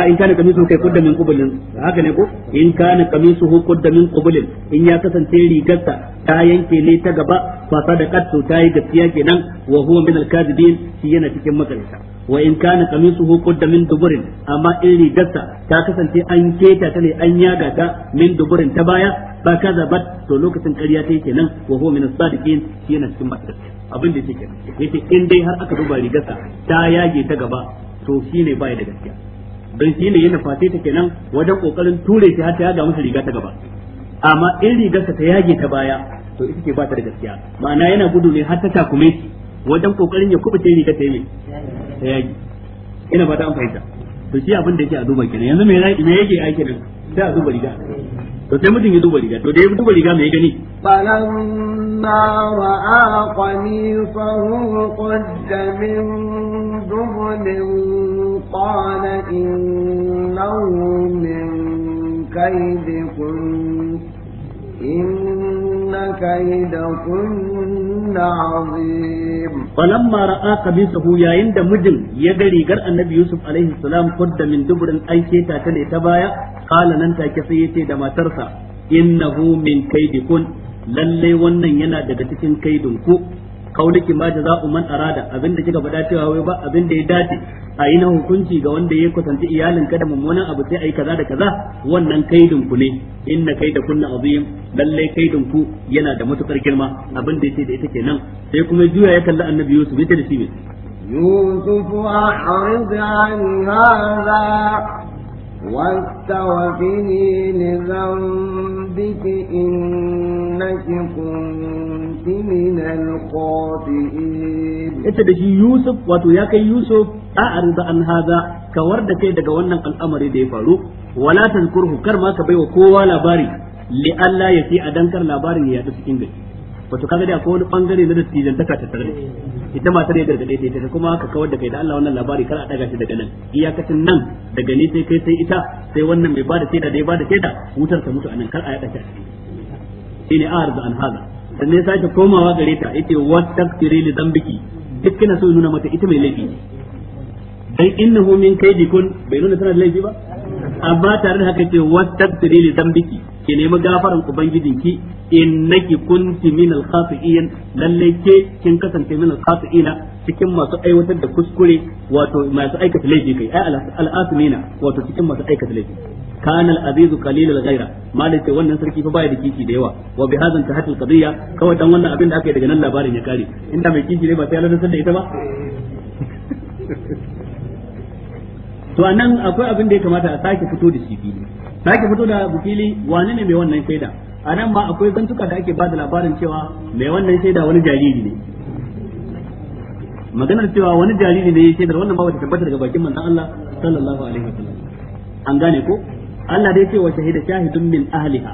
a in kana kamisu kai kudda min kubulin haka ne ko in kana kamisu hu kudda min kubulin in ya kasance rigarsa ta yanke ne ta gaba fa sadaqatu ta yi gaskiya kenan wa huwa min al-kadibin shi yana cikin makarita wa in kana qamisuhu qudda min duburin amma in rigarsa ta kasance an keta ta ne an yaga ta min duburin ta baya ba kazabat to lokacin ƙarya ta yake nan wa huwa min as-sadiqin yana cikin masu abin da yake yace in dai har aka duba rigarsa ta yage ta gaba to shine baya da gaskiya dan shine yana fate ta kenan wajen kokarin ture shi har ta yaga masa riga ta gaba amma in rigarsa ta yage ta baya to ita ce ba ta da gaskiya ma'ana yana gudu ne har ta takume wajen kokarin ya kubuce riga ta yi ta yaki ina fata an fahimta to shi abin da yake a duba kenan yanzu me me yake yaki nan sai a duba riga to sai mutum ya duba riga to da ya duba riga me ya gani فلما رأى قميصه قد من دبر قال إنه من كيدكن إن كيدكن عظيم فلما رأى قميصه يا عند مجل يدري rigar annabi Yusuf alaihi salam kudda min duburin aike ta ta ne ta baya kala nan take sai yace da matarsa innahu min kaidikun lallai wannan yana daga cikin kaidin ku kauliki ma a man arada abin da kika faɗa cewa wai ba abin da ya dace a yi na hukunci ga wanda ya kusanci iyalin ka da mummunan abu sai a yi kaza da kaza wannan kaidin ku ne inna da kunna azim lalle kaidin ku yana da matukar girma abin abinda yake da ita kenan sai kuma juya ya kalli annabi Yusuf ya da shi ne يوسف أعرض عن هذا واستغفري لذنبك إنك كنت ita da shi Yusuf wato ya kai Yusuf a arda an haza ka warda kai daga wannan al'amari da ya faru wala tazkurhu kar ma ka baiwa kowa labari li Allah ya fi adankar labarin ya yadu cikin gari wato kaga da akwai wani bangare na dattijan taka ta tare ita ma tare daga gargade ta kuma ka kawar da kai da Allah wannan labari kar a daga shi daga nan iyakacin nan daga ni sai kai sai ita sai wannan mai bada shaida da ya bada shaida wutar ta mutu anan kar a yada shi shine arda an haza. sannan ya sake komawa gare ta yace wastaghfiri li zambiki duk kina so nuna mata ita mai laifi dan innahu min kaydikun bai nuna tana da laifi ba amma tare da haka yace wastaghfiri li dhanbiki ki nemi gafaran ubangijinki innaki kunti min al khafiin lalle ke kin kasance min al khafiina cikin masu aiwatar da kuskure wato masu aikata laifi kai ai al-asmina wato cikin masu aikata laifi kana al-azizu qalil al-ghaira wannan sarki fa baya da kishi da yawa wa bi hadan tahat al-qadiyya kawai dan wannan abin da aka yi daga nan labarin ya kare inda mai kishi ne ba sai ladan da ita ba to anan akwai abin da ya kamata a sake fito da shi fili sake fito da bukili wane ne mai wannan shaida anan ma akwai zantuka da ake ba da labarin cewa mai wannan shaida wani jariri ne maganar cewa wani jariri ne ya shaidar wannan ba ta tabbata daga bakin manzon Allah sallallahu alaihi wasallam an gane ko Allah dai ce wa shahida shahidun min ahliha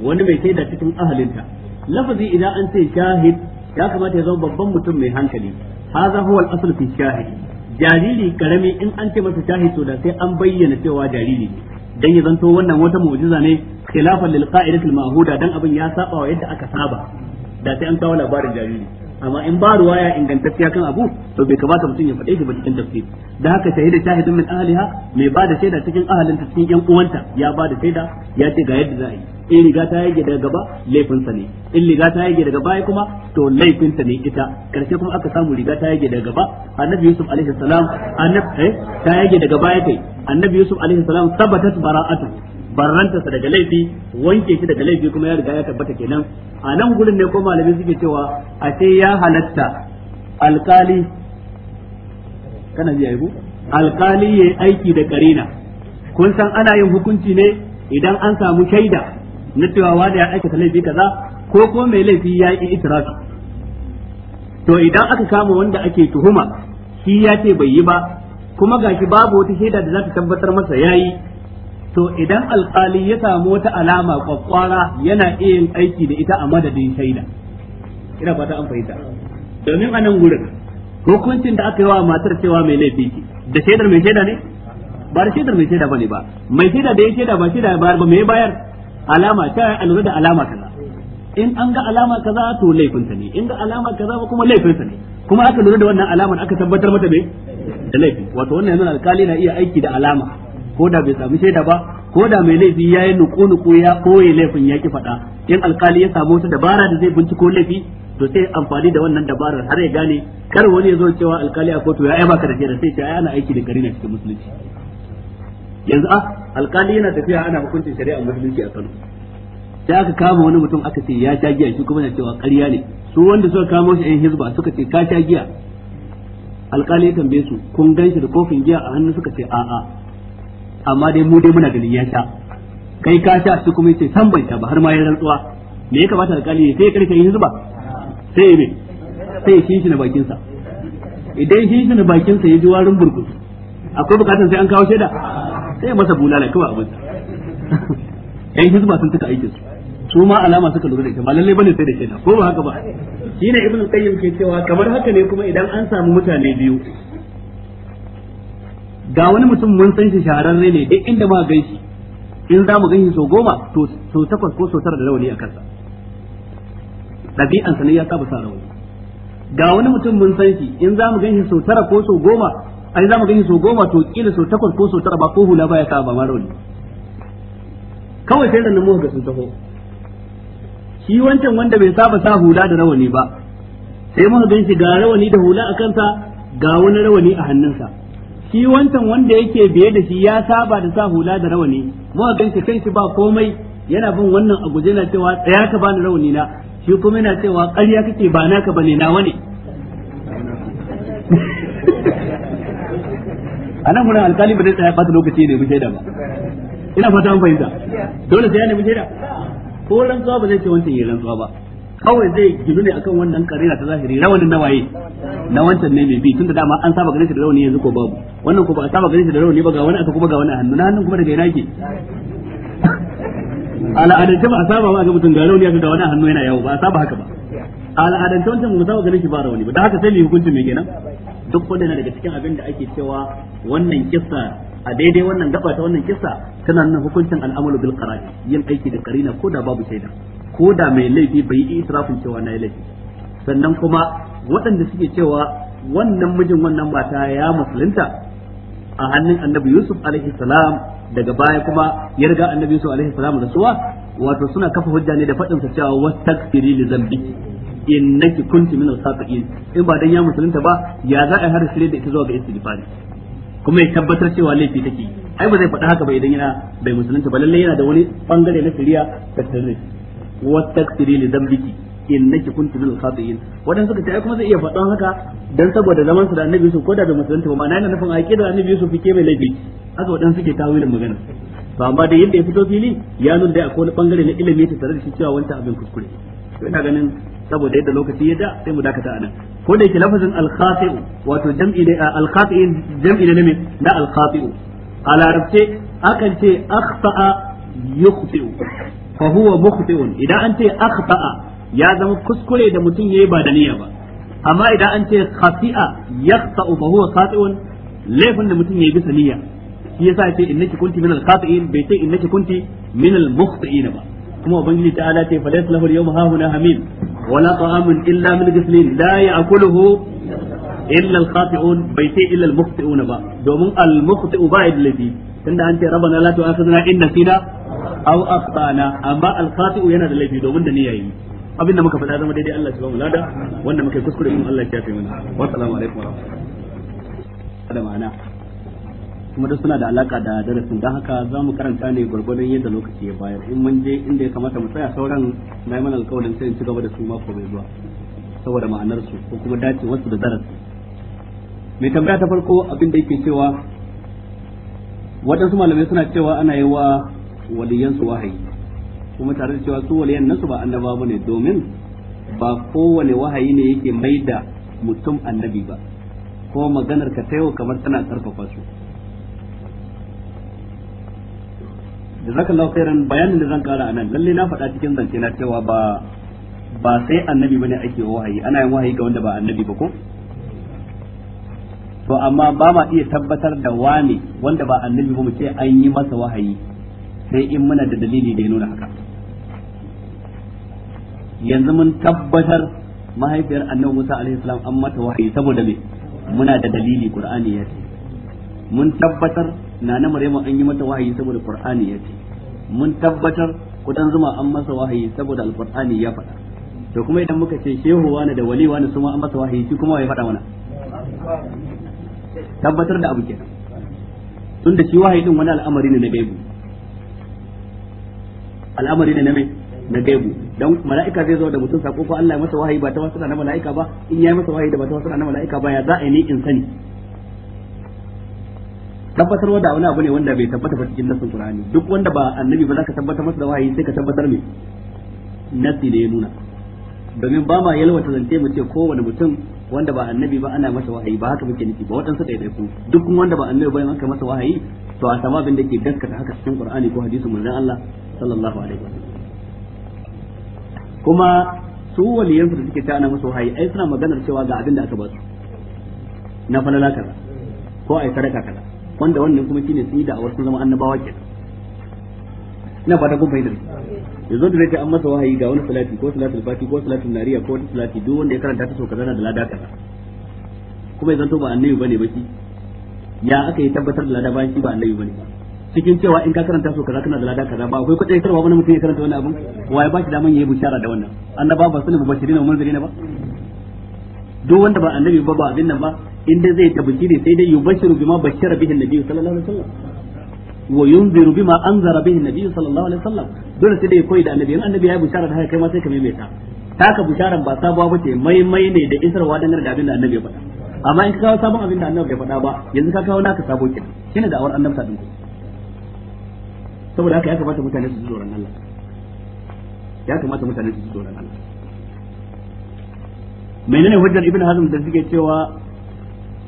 wani mai shaida cikin ta lafazi idan an ce shahid ya kamata ya zama babban mutum mai hankali haza huwa al-asl fi shahid jariri karami in an ce masa shahid to da sai an bayyana cewa jariri dan ya zanto wannan wata mu'jiza ne khilafan lil qa'idatil ma'huda dan abin ya saba wa yadda aka saba da sai an kawo labarin jariri amma in ba ruwaya ingantacciya kan abu to bai kamata mutum ya faɗe shi ba cikin tafsir da haka shahida shahidun min ahliha mai ba da shaida cikin ahalin ta cikin yan uwanta ya ba da shaida ya ce ga yadda za a yi in riga ta yage daga gaba sa ne in riga ta yage daga baya kuma to sa ne ita karshe kuma aka samu riga ta yage daga gaba annabi yusuf alaihi salam annabi eh, ta yage daga baya kai annabi yusuf alaihi salam tabbatat bara'atu barranta sa daga laifi wanke shi daga laifi kuma ya riga ya tabbata kenan a nan gurin ne ko malami suke cewa a ce ya halatta alkali kana ji ayi alkali yayi aiki da karina kun san ana yin hukunci ne idan an samu shaida na cewa wanda ya aikata laifi kaza ko ko mai laifi ya yi itirafi to idan aka kama wanda ake tuhuma shi ya ce bai yi ba kuma gashi babu wata shaida da za ta tabbatar masa yayi to idan alkali ya samu wata alama kwakwara yana iya yin aiki da ita a madadin shaida ina fata an fahimta domin a nan gurin hukuncin da aka yi wa matar cewa mai laifi ce da shaidar mai shaida ne ba da shaidar mai shaida bane ba mai shaida da ya shaida ba shaida ba ba mai bayar alama ta a lura da alama kaza in an ga alama kaza to laifinsa ne in ga alama kaza ba kuma laifinsa ne kuma aka lura da wannan alamar aka tabbatar mata ne da laifi wato wannan yanzu alkali na iya aiki da alama ko da bai samu shaida ba ko da mai laifi ya yi nuku nuku ya koye laifin ya ki faɗa in alkali ya samu wata dabara da zai binciko laifi to sai amfani da wannan dabarar har ya gane kar wani ya zo cewa alkali a kotu ya yi baka da shaida sai ce ai ana aiki da gari na cikin musulunci yanzu a ah, alkali yana tafiya ana hukuncin shari'a musulunci a Kano sai aka kama wani mutum aka ce ya sha giya shi kuma na cewa ƙarya ne su wanda suka kama shi ɗan hizba suka ce ka sha giya alkali ya tambaye su kun gan shi da kofin giya a hannu suka ce a'a amma dai mu dai muna ganin ya sha kai ka sha shi kuma yace san bai ta ba har ma ya rantsuwa me ya kamata alƙali ya sai ya karfe yin zuba sai ya me sai ya shi na bakin sa idan shi shi na bakin sa ya ji warin burkus akwai bukatun sai an kawo shaida sai ya masa bulala kawai abin sa *laughs* yan zuba sun tuka aikin su su ma alama suka lura da ita ba lalle bane sai da shaida ko ba haka ba shine ibnu qayyim ke cewa kamar haka ne kuma idan an samu mutane biyu ga wani mutum mun san shi shahararre ne duk inda ma gan shi in za mu gan shi so goma to so takwas ko so tara da rawani a kansa ɗabi'ansa ne ya saba sa rawani ga wani mutum mun san shi in za mu gan shi so tara ko so goma ai za mu gan shi so goma to kila so takwas ko so tara ba ko hula ba ya saba ma rawani kawai sai nan muka ga sun taho shi wancan wanda bai saba sa hula da rawani ba sai muka gan shi ga rawani da hula a kansa ga wani rawani a hannunsa shi wancan wanda yake biye da shi ya saba da sa hula da rawani kuma ganci kanshi ba komai yana bin wannan a guje na cewa tsaya ka bani rawani na shi kuma yana cewa ƙarya kake ba naka bane na wani *laughs* a nan wurin alkali ba tsaya fata lokaci ne mu da ba ina fata an fahimta dole sai ya nemi da ko rantsuwa ba zai ce wancan yi rantsuwa ba kawai zai ginu ne akan wannan karina ta zahiri rawanin na waye na wancan ne mai bi tun da dama an saba ganin shi da rawani yanzu ko babu wannan ko ba a saba ganin shi da rawani ba ga wani aka kuma ga wani a hannu na hannun kuma daga ina ke *laughs* al'adance ba a saba ba ga mutum ga rawani aka da wani a hannu yana yawo ba a saba haka ba al'adance wancan ba saba ganin shi ba rawani ba da haka sai mai hukuncin mai kenan duk wanda yana daga cikin abin da ake cewa wannan kissa a daidai wannan gaba ta wannan kissa tana nuna hukuncin al'amalu bil qara'i yin aiki da karina ko da babu shaida ko da mai laifi bai yi israfin cewa na yi laifi sannan kuma waɗanda suke cewa wannan mijin wannan mata ya musulunta a hannun annabi yusuf alaihi salam daga baya kuma ya riga annabi yusuf alaihi salam da suwa wato suna kafa hujja ne da faɗin sa cewa wastaghfiri li zambi innaki kunti min al-khati'in in ba dan ya musulunta ba ya za a har shirye da ita zuwa ga istighfari kuma ya tabbatar cewa laifi take ai ba zai faɗa haka ba idan yana bai musulunta ba lalle yana da wani bangare na shari'a da tarihi. wastaghfiri li dhanbiki innaki kunti minal khati'in wadan suka ce ai kuma zai iya faɗan haka dan saboda zaman su da Annabi Yusuf ko da bai musulunta ba ma'ana yana nufin aqidar Annabi Yusuf ke mai laifi haka wadan suke tawilin magana to amma da yadda ya fito fili ya nuna da akwai wani bangare na ilimi ta tare da shi cewa wancan abin kuskure to ina ganin saboda yadda lokaci ya da sai mu dakata anan ko da yake lafazin wato jam'i ne al a larabce akan ce akhta'a fa huwa idan an ce akhta'a ya zama kuskure da mutum yayi ba da niyya ba amma idan an ce khati'a yaqta'u fa huwa khati'un laifin da mutum yayi bisa niyya shi yasa ce innaki kunti minal khati'in bai ce ba kuma ubangiji ta ala ce falaysa lahu yawma hahuna hamim wala ta'amun illa min ghislin la ya'kuluhu illa al-khati'un bai ce illa al ba domin al-mukhti'u ba yadlabi tunda an ce rabbana la tu'akhidna in nasina aw akhtana amma al-khati'u yana da laifi domin da niyya yi abinda muka faɗa zama daidai Allah subhanahu wa ta'ala wanda muka yi kuskure mun Allah ya tafi mana wa assalamu alaikum wa rahmatullahi da ma'ana kuma duk suna da alaka da darasin dan haka za mu karanta ne gwargwadon yadda lokaci ya bayar in mun je inda ya kamata mu tsaya sauran na mana alƙawarin sai in ci gaba da su mako mai zuwa saboda ma'anar su ko kuma dace wasu da darasi mai tambaya ta farko abin da yake cewa waɗansu malamai suna cewa ana yi wa waliyansu wahayi kuma tare da cewa su waliyan nasu ba annaba bane domin ba kowane wahayi ne yake maida mutum annabi ba ko maganar ka ta yau kamar tana karfafa su jazakallahu khairan bayanin da zan kara anan lalle na faɗa cikin zance na cewa ba ba sai annabi bane ake wahayi ana yin wahayi ga wanda ba annabi ba ko to amma ba ma iya tabbatar da wani wanda ba annabi ba mu ce an yi masa wahayi sai in muna da dalili da ya nuna haka yanzu mun tabbatar mahaifiyar annabi Musa alaihi salam an mata wahayi saboda me muna da dalili Qur'ani ya ce mun tabbatar nana Maryam an yi mata wahayi saboda Qur'ani ya ce mun tabbatar kudan zuma an masa wahayi saboda al ya faɗa to kuma idan muka ce shehu wani da wali wani suma an masa wahayi shi kuma ya faɗa mana tabbatar da abu kenan tunda shi wahayi din wani al'amari ne na gaibu al'amari ne na mai na gaibu don mala'ika zai zo da mutum sako ko Allah ya masa wahayi ba ta wasu na mala'ika ba in ya masa wahayi da ba ta wasu na mala'ika ba ya za a yi in sani tabbatarwa da wani abu ne wanda bai tabbata ba cikin nassin Qur'ani duk wanda ba annabi ba za ka tabbata masa da wahayi sai ka tabbatar mai nassi ne ya nuna domin ba ma yalwata zance mu ce kowane mutum wanda ba annabi ba ana masa wahayi ba haka muke nufi ba waɗansu ɗaiɗaiku duk wanda ba annabi ba ya aka masa wahayi to a sama abin da ke daskata haka cikin qur'ani ko hadisin manzon Allah sallallahu alaihi wasallam kuma su waliyan su suke tana musu hayi ai suna maganar cewa ga abin da aka ba su na falala kaza ko ai sadaka kaza wanda wannan kuma shine su yi da awar sun zama annabawa kenan ina fata kun ya zo da zai an masa wahayi ga wani salati ko salatul fati ko salatul nariya ko wani salati duk wanda ya karanta ta so kaza na da lada kaza kuma ya zanto ba annabi bane ba shi ya aka yi tabbatar da lada bayan shi ba annabi bane cikin cewa in ka karanta so kaza kana da lada kaza ba akwai kudai karwa wani mutum ya karanta wani abin waye ba shi daman yayi bishara da wannan annaba ba sunan na manzari na ba duk wanda ba annabi ba ba abin nan ba in dai zai ne sai dai yubashiru bima bashara bihi annabi sallallahu alaihi wasallam wa yunziru bima anzara bihi annabi sallallahu alaihi wasallam dole sai dai koyi da annabi in annabi ya bishara da haka kai ma sai ka maimaita taka bisharan ba sabuwa bace maimai ne da isarwa dangane da abin da annabi ya faɗa amma in ka kawo sabon abin da annabi bai faɗa ba yanzu ka kawo naka sabo kin kina da awar annabta din ku saboda haka ya kamata mutane su ji tsoron Allah ya kamata mutane su ji tsoron Allah menene hujjar ibn hazm da suke cewa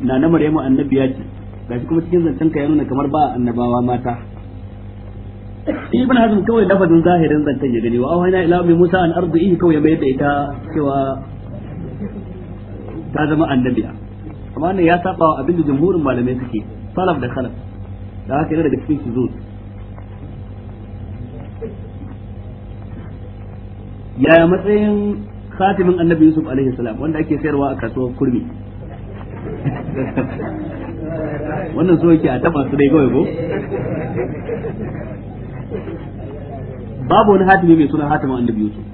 na na maryamu annabiya ce gashi kuma cikin zancen ka ya nuna kamar ba annabawa mata ibn hazm kawai lafazin zahirin zancen ya gani wa awhayna ila ummi musa an ardihi kawai ya da ita cewa ta zama annabiya amma ne ya saba abin abinda jamhurin malamai suke salaf da khalaf da haka yana daga cikin shuzuz yaya matsayin khatimin annabi yusuf alaihi salam wanda ake sayarwa a kasuwar kurmi *laughs* wannan so yake a taba su dai kawai ko babu wani hatimi mai suna hatimin annabi yusuf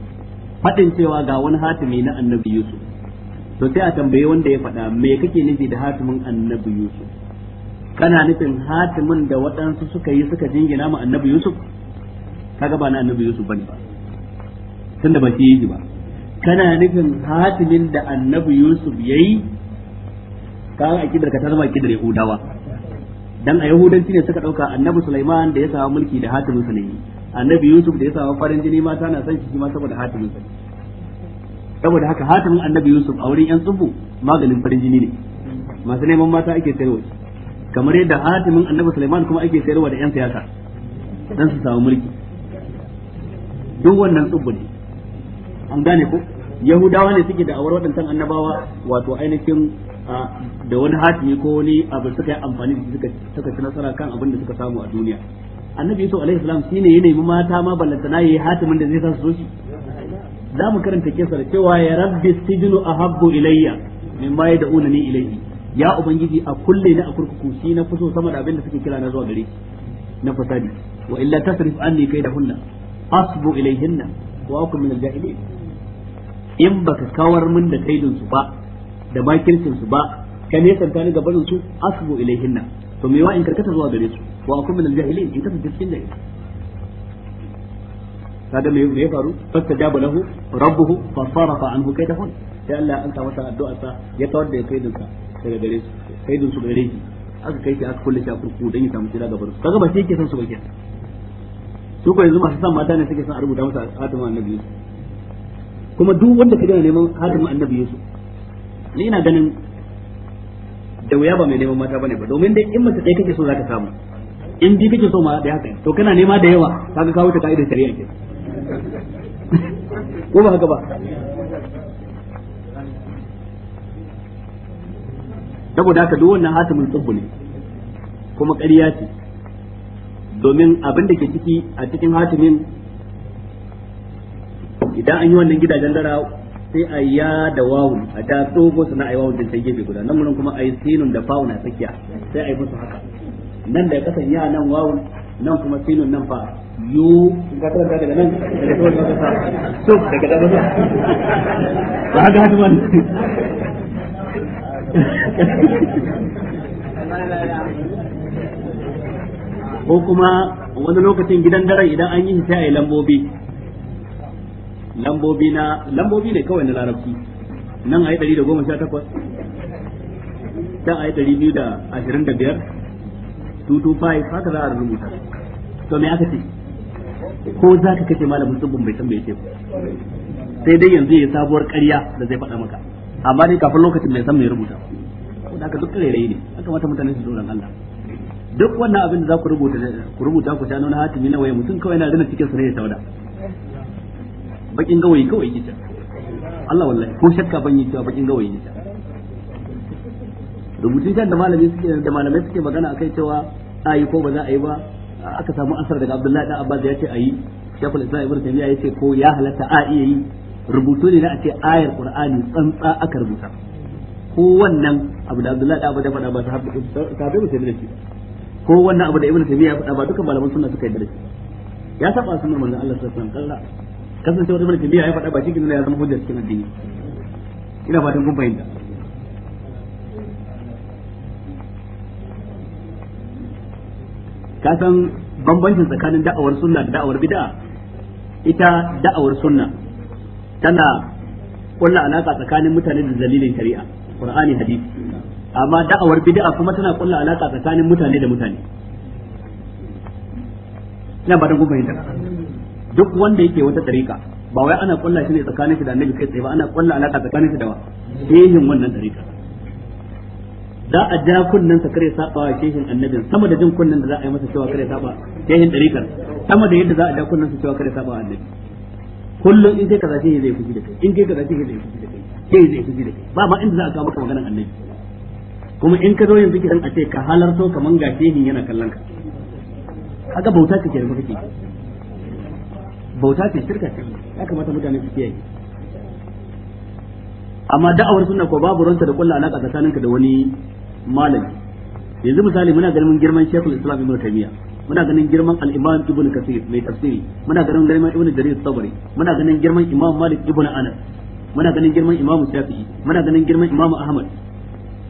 fadin cewa ga wani hatimi na annabi yusuf to sai a tambaye wanda ya faɗa me kake nufi da hatimin annabi yusuf kana nufin hatimin da waɗansu suka yi suka jingina ma annabi yusuf kaga ba na annabi yusuf bane ba tunda ba shi yi ba kana nufin hatimin da annabi yusuf yayi ga akidar ka ta zama akidar yahudawa dan a yahudanci ne suka dauka annabi sulaiman da ya samu mulki da hatimin sa ne annabi yusuf da ya samu farin jini ma tana san shi ma saboda hatimin sa ne saboda haka hatimin annabi yusuf a wurin yan tsubu maganin farin jini ne masu neman mata ake sayarwa kamar yadda hatimin annabi sulaiman kuma ake sayarwa da yan siyasa don su samu mulki duk wannan tsubu ne an gane ko yahudawa ne suke da awar waɗancan annabawa wato ainihin da wani hatimi ko wani abu suka yi amfani da suka suka ci nasara kan abin da suka samu a duniya annabi yusuf alaihi salam shine ya nemi mata ma ballantana yayi hatimin da zai sa su zo shi za mu karanta kisa da cewa ya rabbi sijnu ahabbu ilayya mimma ni ilayhi ya ubangiji a kulle ni a kurkuku shi na kuso sama da abin da suke kira na zuwa gare na fasadi wa illa tasrif anni kaidahunna asbu ilayhinna wa akun min al-jahilin in baka kawar min da kaidin su ba da makircin su ba ka ne santa ni gaban su asbu ilayhinna to me wa in karkata zuwa gare su wa akun min al-jahilin in kasance cikin jahilai kaga me me faru fastajaba lahu rabbuhu fa sarafa anhu kaydahun sai Allah an ta masa addu'a sa ya tawar da kaidin sa daga gare su kaidin su gare shi aka kai shi aka kulle shi a kurku dan ya samu shira gabar su kaga ba shi yake san su ba kenan su ko yanzu masu san mata ne suke son a rubuta masa hatimin annabi Yusuf kuma duk wanda ka gina neman hatimin annabi Yusuf ni ina ganin da wuya ba mai neman mata bane ba domin dai in mace ɗaya kake so zaka samu in bi kake so ma da haka to kana nema da yawa kaga kawo ta ka'idar shari'a ke. ko ba haka ba saboda haka duk wannan hatimin tsubbu ne kuma ƙarya ce domin abin da ke ciki a cikin hatimin idan an yi wannan gidajen dara sai a ya da wawun a da tsogo suna a yi wawun jinsan gefe guda nan wurin kuma a yi sinun da fa'una tsakiya sai a yi musu haka nan da kasan ya nan wawun nan kuma sinun nan fa yu daga nan ta so daga ba ga hadu man ko kuma wani lokacin gidan daren idan an yi sai a yi lambobi lambobi na lambobi ne kawai na larabci nan a yi ɗari da goma sha takwas can a yi ɗari biyu da ashirin da biyar 225 haka za a rubuta to me aka ce ko za ka kace malamin tsubin bai san bai ce sai dai yanzu ya sabuwar ƙarya da zai faɗa maka amma dai kafin lokacin bai san mai rubuta ko da ka duk rairayi ne aka mata mutane su tsoron Allah duk wannan abin da za ku rubuta ku rubuta ku tano na hatimi na waye mutum kawai na rina cikin ne ya tauda bakin gawayi kawai yake Allah wallahi ko shakka ban yi cewa bakin gawayi yake rubutun da malami suke da malamai suke magana akai cewa ayi yi ko ba za a yi ba aka samu asar daga Abdullahi Abba Abbas ya ce ayi shekul isra'i Ibn Taymiyyah ya ce ko ya halatta a iya yi rubutu ne na a ce ayar Qur'ani tsantsa aka rubuta ko wannan abu da Abdullahi da Abbas ya faɗa ba ta habbi ta bai mutum da shi ko wannan abu da Ibn Taymiyyah ya faɗa ba dukkan malaman sunna suka yi da shi ya saba sunan manzon Allah sallallahu alaihi wasallam kasancewar Ibn Taymiyyah ya faɗa ba shi ne ya zama hujja cikin addini ina fatan kun fahimta ka san bambancin tsakanin da'awar sunna da da'awar bid'a ita da'awar sunna tana kulla alaka tsakanin mutane da dalilin shari'a qur'ani hadisi amma da'awar bid'a kuma tana kulla alaka tsakanin mutane da mutane ina ba da ku duk wanda yake wata tarika ba wai ana kulla shi ne tsakanin shi da annabi kai tsaye ba ana kulla alaka tsakanin shi da wa shehin wannan tarika za a ja kunnen sa kare sabawa shehin annabin sama da jin kunnen da za a yi masa cewa kare saba shehin dariƙar sama da yadda za a ja kunnen sa cewa kare saba annabi kullum in kai kaza shehi zai fushi da kai in kai kaza shehi zai fushi da kai shehi zai fushi da kai ba ma inda za a kawo maka maganar annabi kuma in ka zo yanzu kiran a ce ka halarto kaman ga shehin yana kallon ka haka bauta ce kenan kake bauta ce shirka ce ya kamata mutane su kiyaye amma da'awar sunna ko babu ranta da kullu alaka tsakaninka da wani malami yanzu misali muna ganin girman shekul Islam Ibn taymiya muna ganin girman al-Imam Ibn kasir mai tafsiri muna ganin girman Ibn Jarir Tabari muna ganin girman Imam Malik Ibn Anas muna ganin girman Imam Shafi'i muna ganin girman Imam Ahmad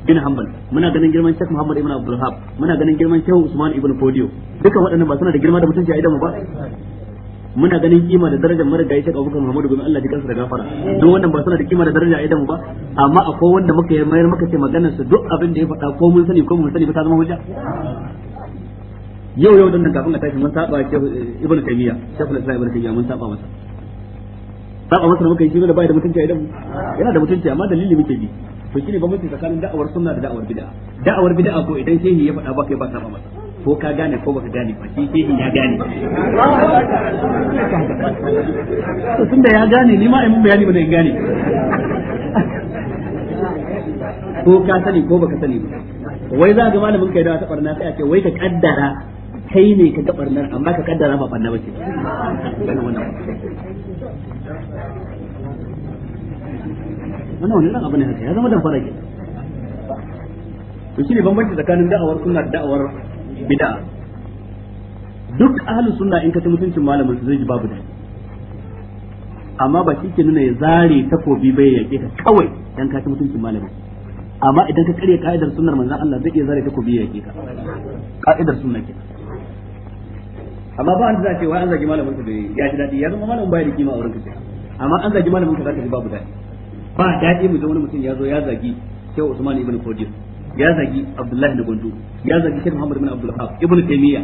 bin Hanbal muna ganin girman Sheikh Muhammad Ibn Abdul muna ganin girman Sheikh Usman Ibn Fodio duka waɗannan ba suna da girma da mutunci a idan ba muna ganin kima da darajar gaishe ga Abubakar Muhammadu bin Allah jikansa da gafara duk wannan ba suna da kima da daraja a idan ba amma akwai wanda muka yi mayar maka ce maganar su duk abin da ya faɗa ko mun sani ko mun sani ba ta zama hujja yau yau dan kafin a tashi mun saba Ibn Taymiyyah shafin Islam Ibn Taymiyyah mun saba masa saba masa muka yi shi da bai da mutunci a yana da mutunci amma dalili muke bi to shine bambanci tsakanin da'awar sunna da da'awar bid'a da'awar bid'a ko idan shehi ya faɗa ba kai ba saba masa ko ka gane ko baka gane ba shi shehin ya gane to tunda ya gane ni ma in bayani ba zai gane ko ka sani ko baka sani ba wai za ga malamin kai da ta barna sai a ce wai ka kaddara kai ne ka ga barnar amma ka kaddara ba barna bace wannan wani ran abu ne haka ya zama dan fara ke to ne bambanci tsakanin da'awar sunna da da'awar bid'a duk ahli sunna in ka ta mutuncin malamin su zai ji babu dadi amma ba shi ke nuna ya zare takobi bai yake ka kawai dan ka ta mutuncin malamin amma idan ka karya ka'idar sunnar manzon Allah zai iya zare takobi ya yake ka ka'idar sunna ke amma ba an da cewa an zagi malamin ka da ya ji dadi ya zama malamin bai da kima a wurin ka amma an zagi malamin ka zaka ji babu dadi ba dadi mu da wani mutum ya zo ya zagi sai Usman ibn Fodiyo ya zagi Abdullahi da gundu ya zagi shi Muhammad bin Abdullahi Wahab Ibn taymiya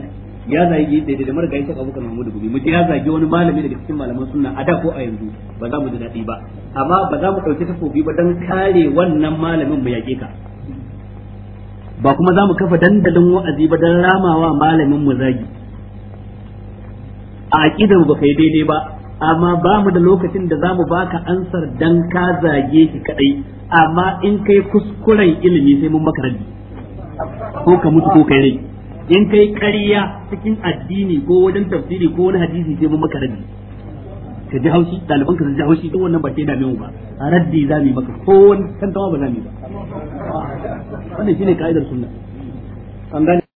ya zagi daidai da marigayi Sheikh Abubakar Mahmud Gumi mu ya zagi wani malami daga cikin malaman sunna a da ko a yanzu ba za mu ji daɗi ba amma ba za mu ɗauki takobi ba dan kare wannan malamin mu yaƙe ka ba kuma za mu kafa dandalin wa'azi ba don ramawa malamin mu zagi a aƙidar ba kai daidai ba amma ba mu da lokacin da za mu baka ansar dan ka zage shi kadai amma in kai kuskuren ilimi sai mun maka rabi ko ka mutu ko kai rai in kai ƙarya cikin addini ko wajen tafsiri ko wani hadisi sai mun maka rabi ka ji haushi ɗaliban ka ji haushi duk wannan ba ke dame mu ba raddi za mu maka ko wani tantawa ba za mu ba wannan shine ka'idar sunna an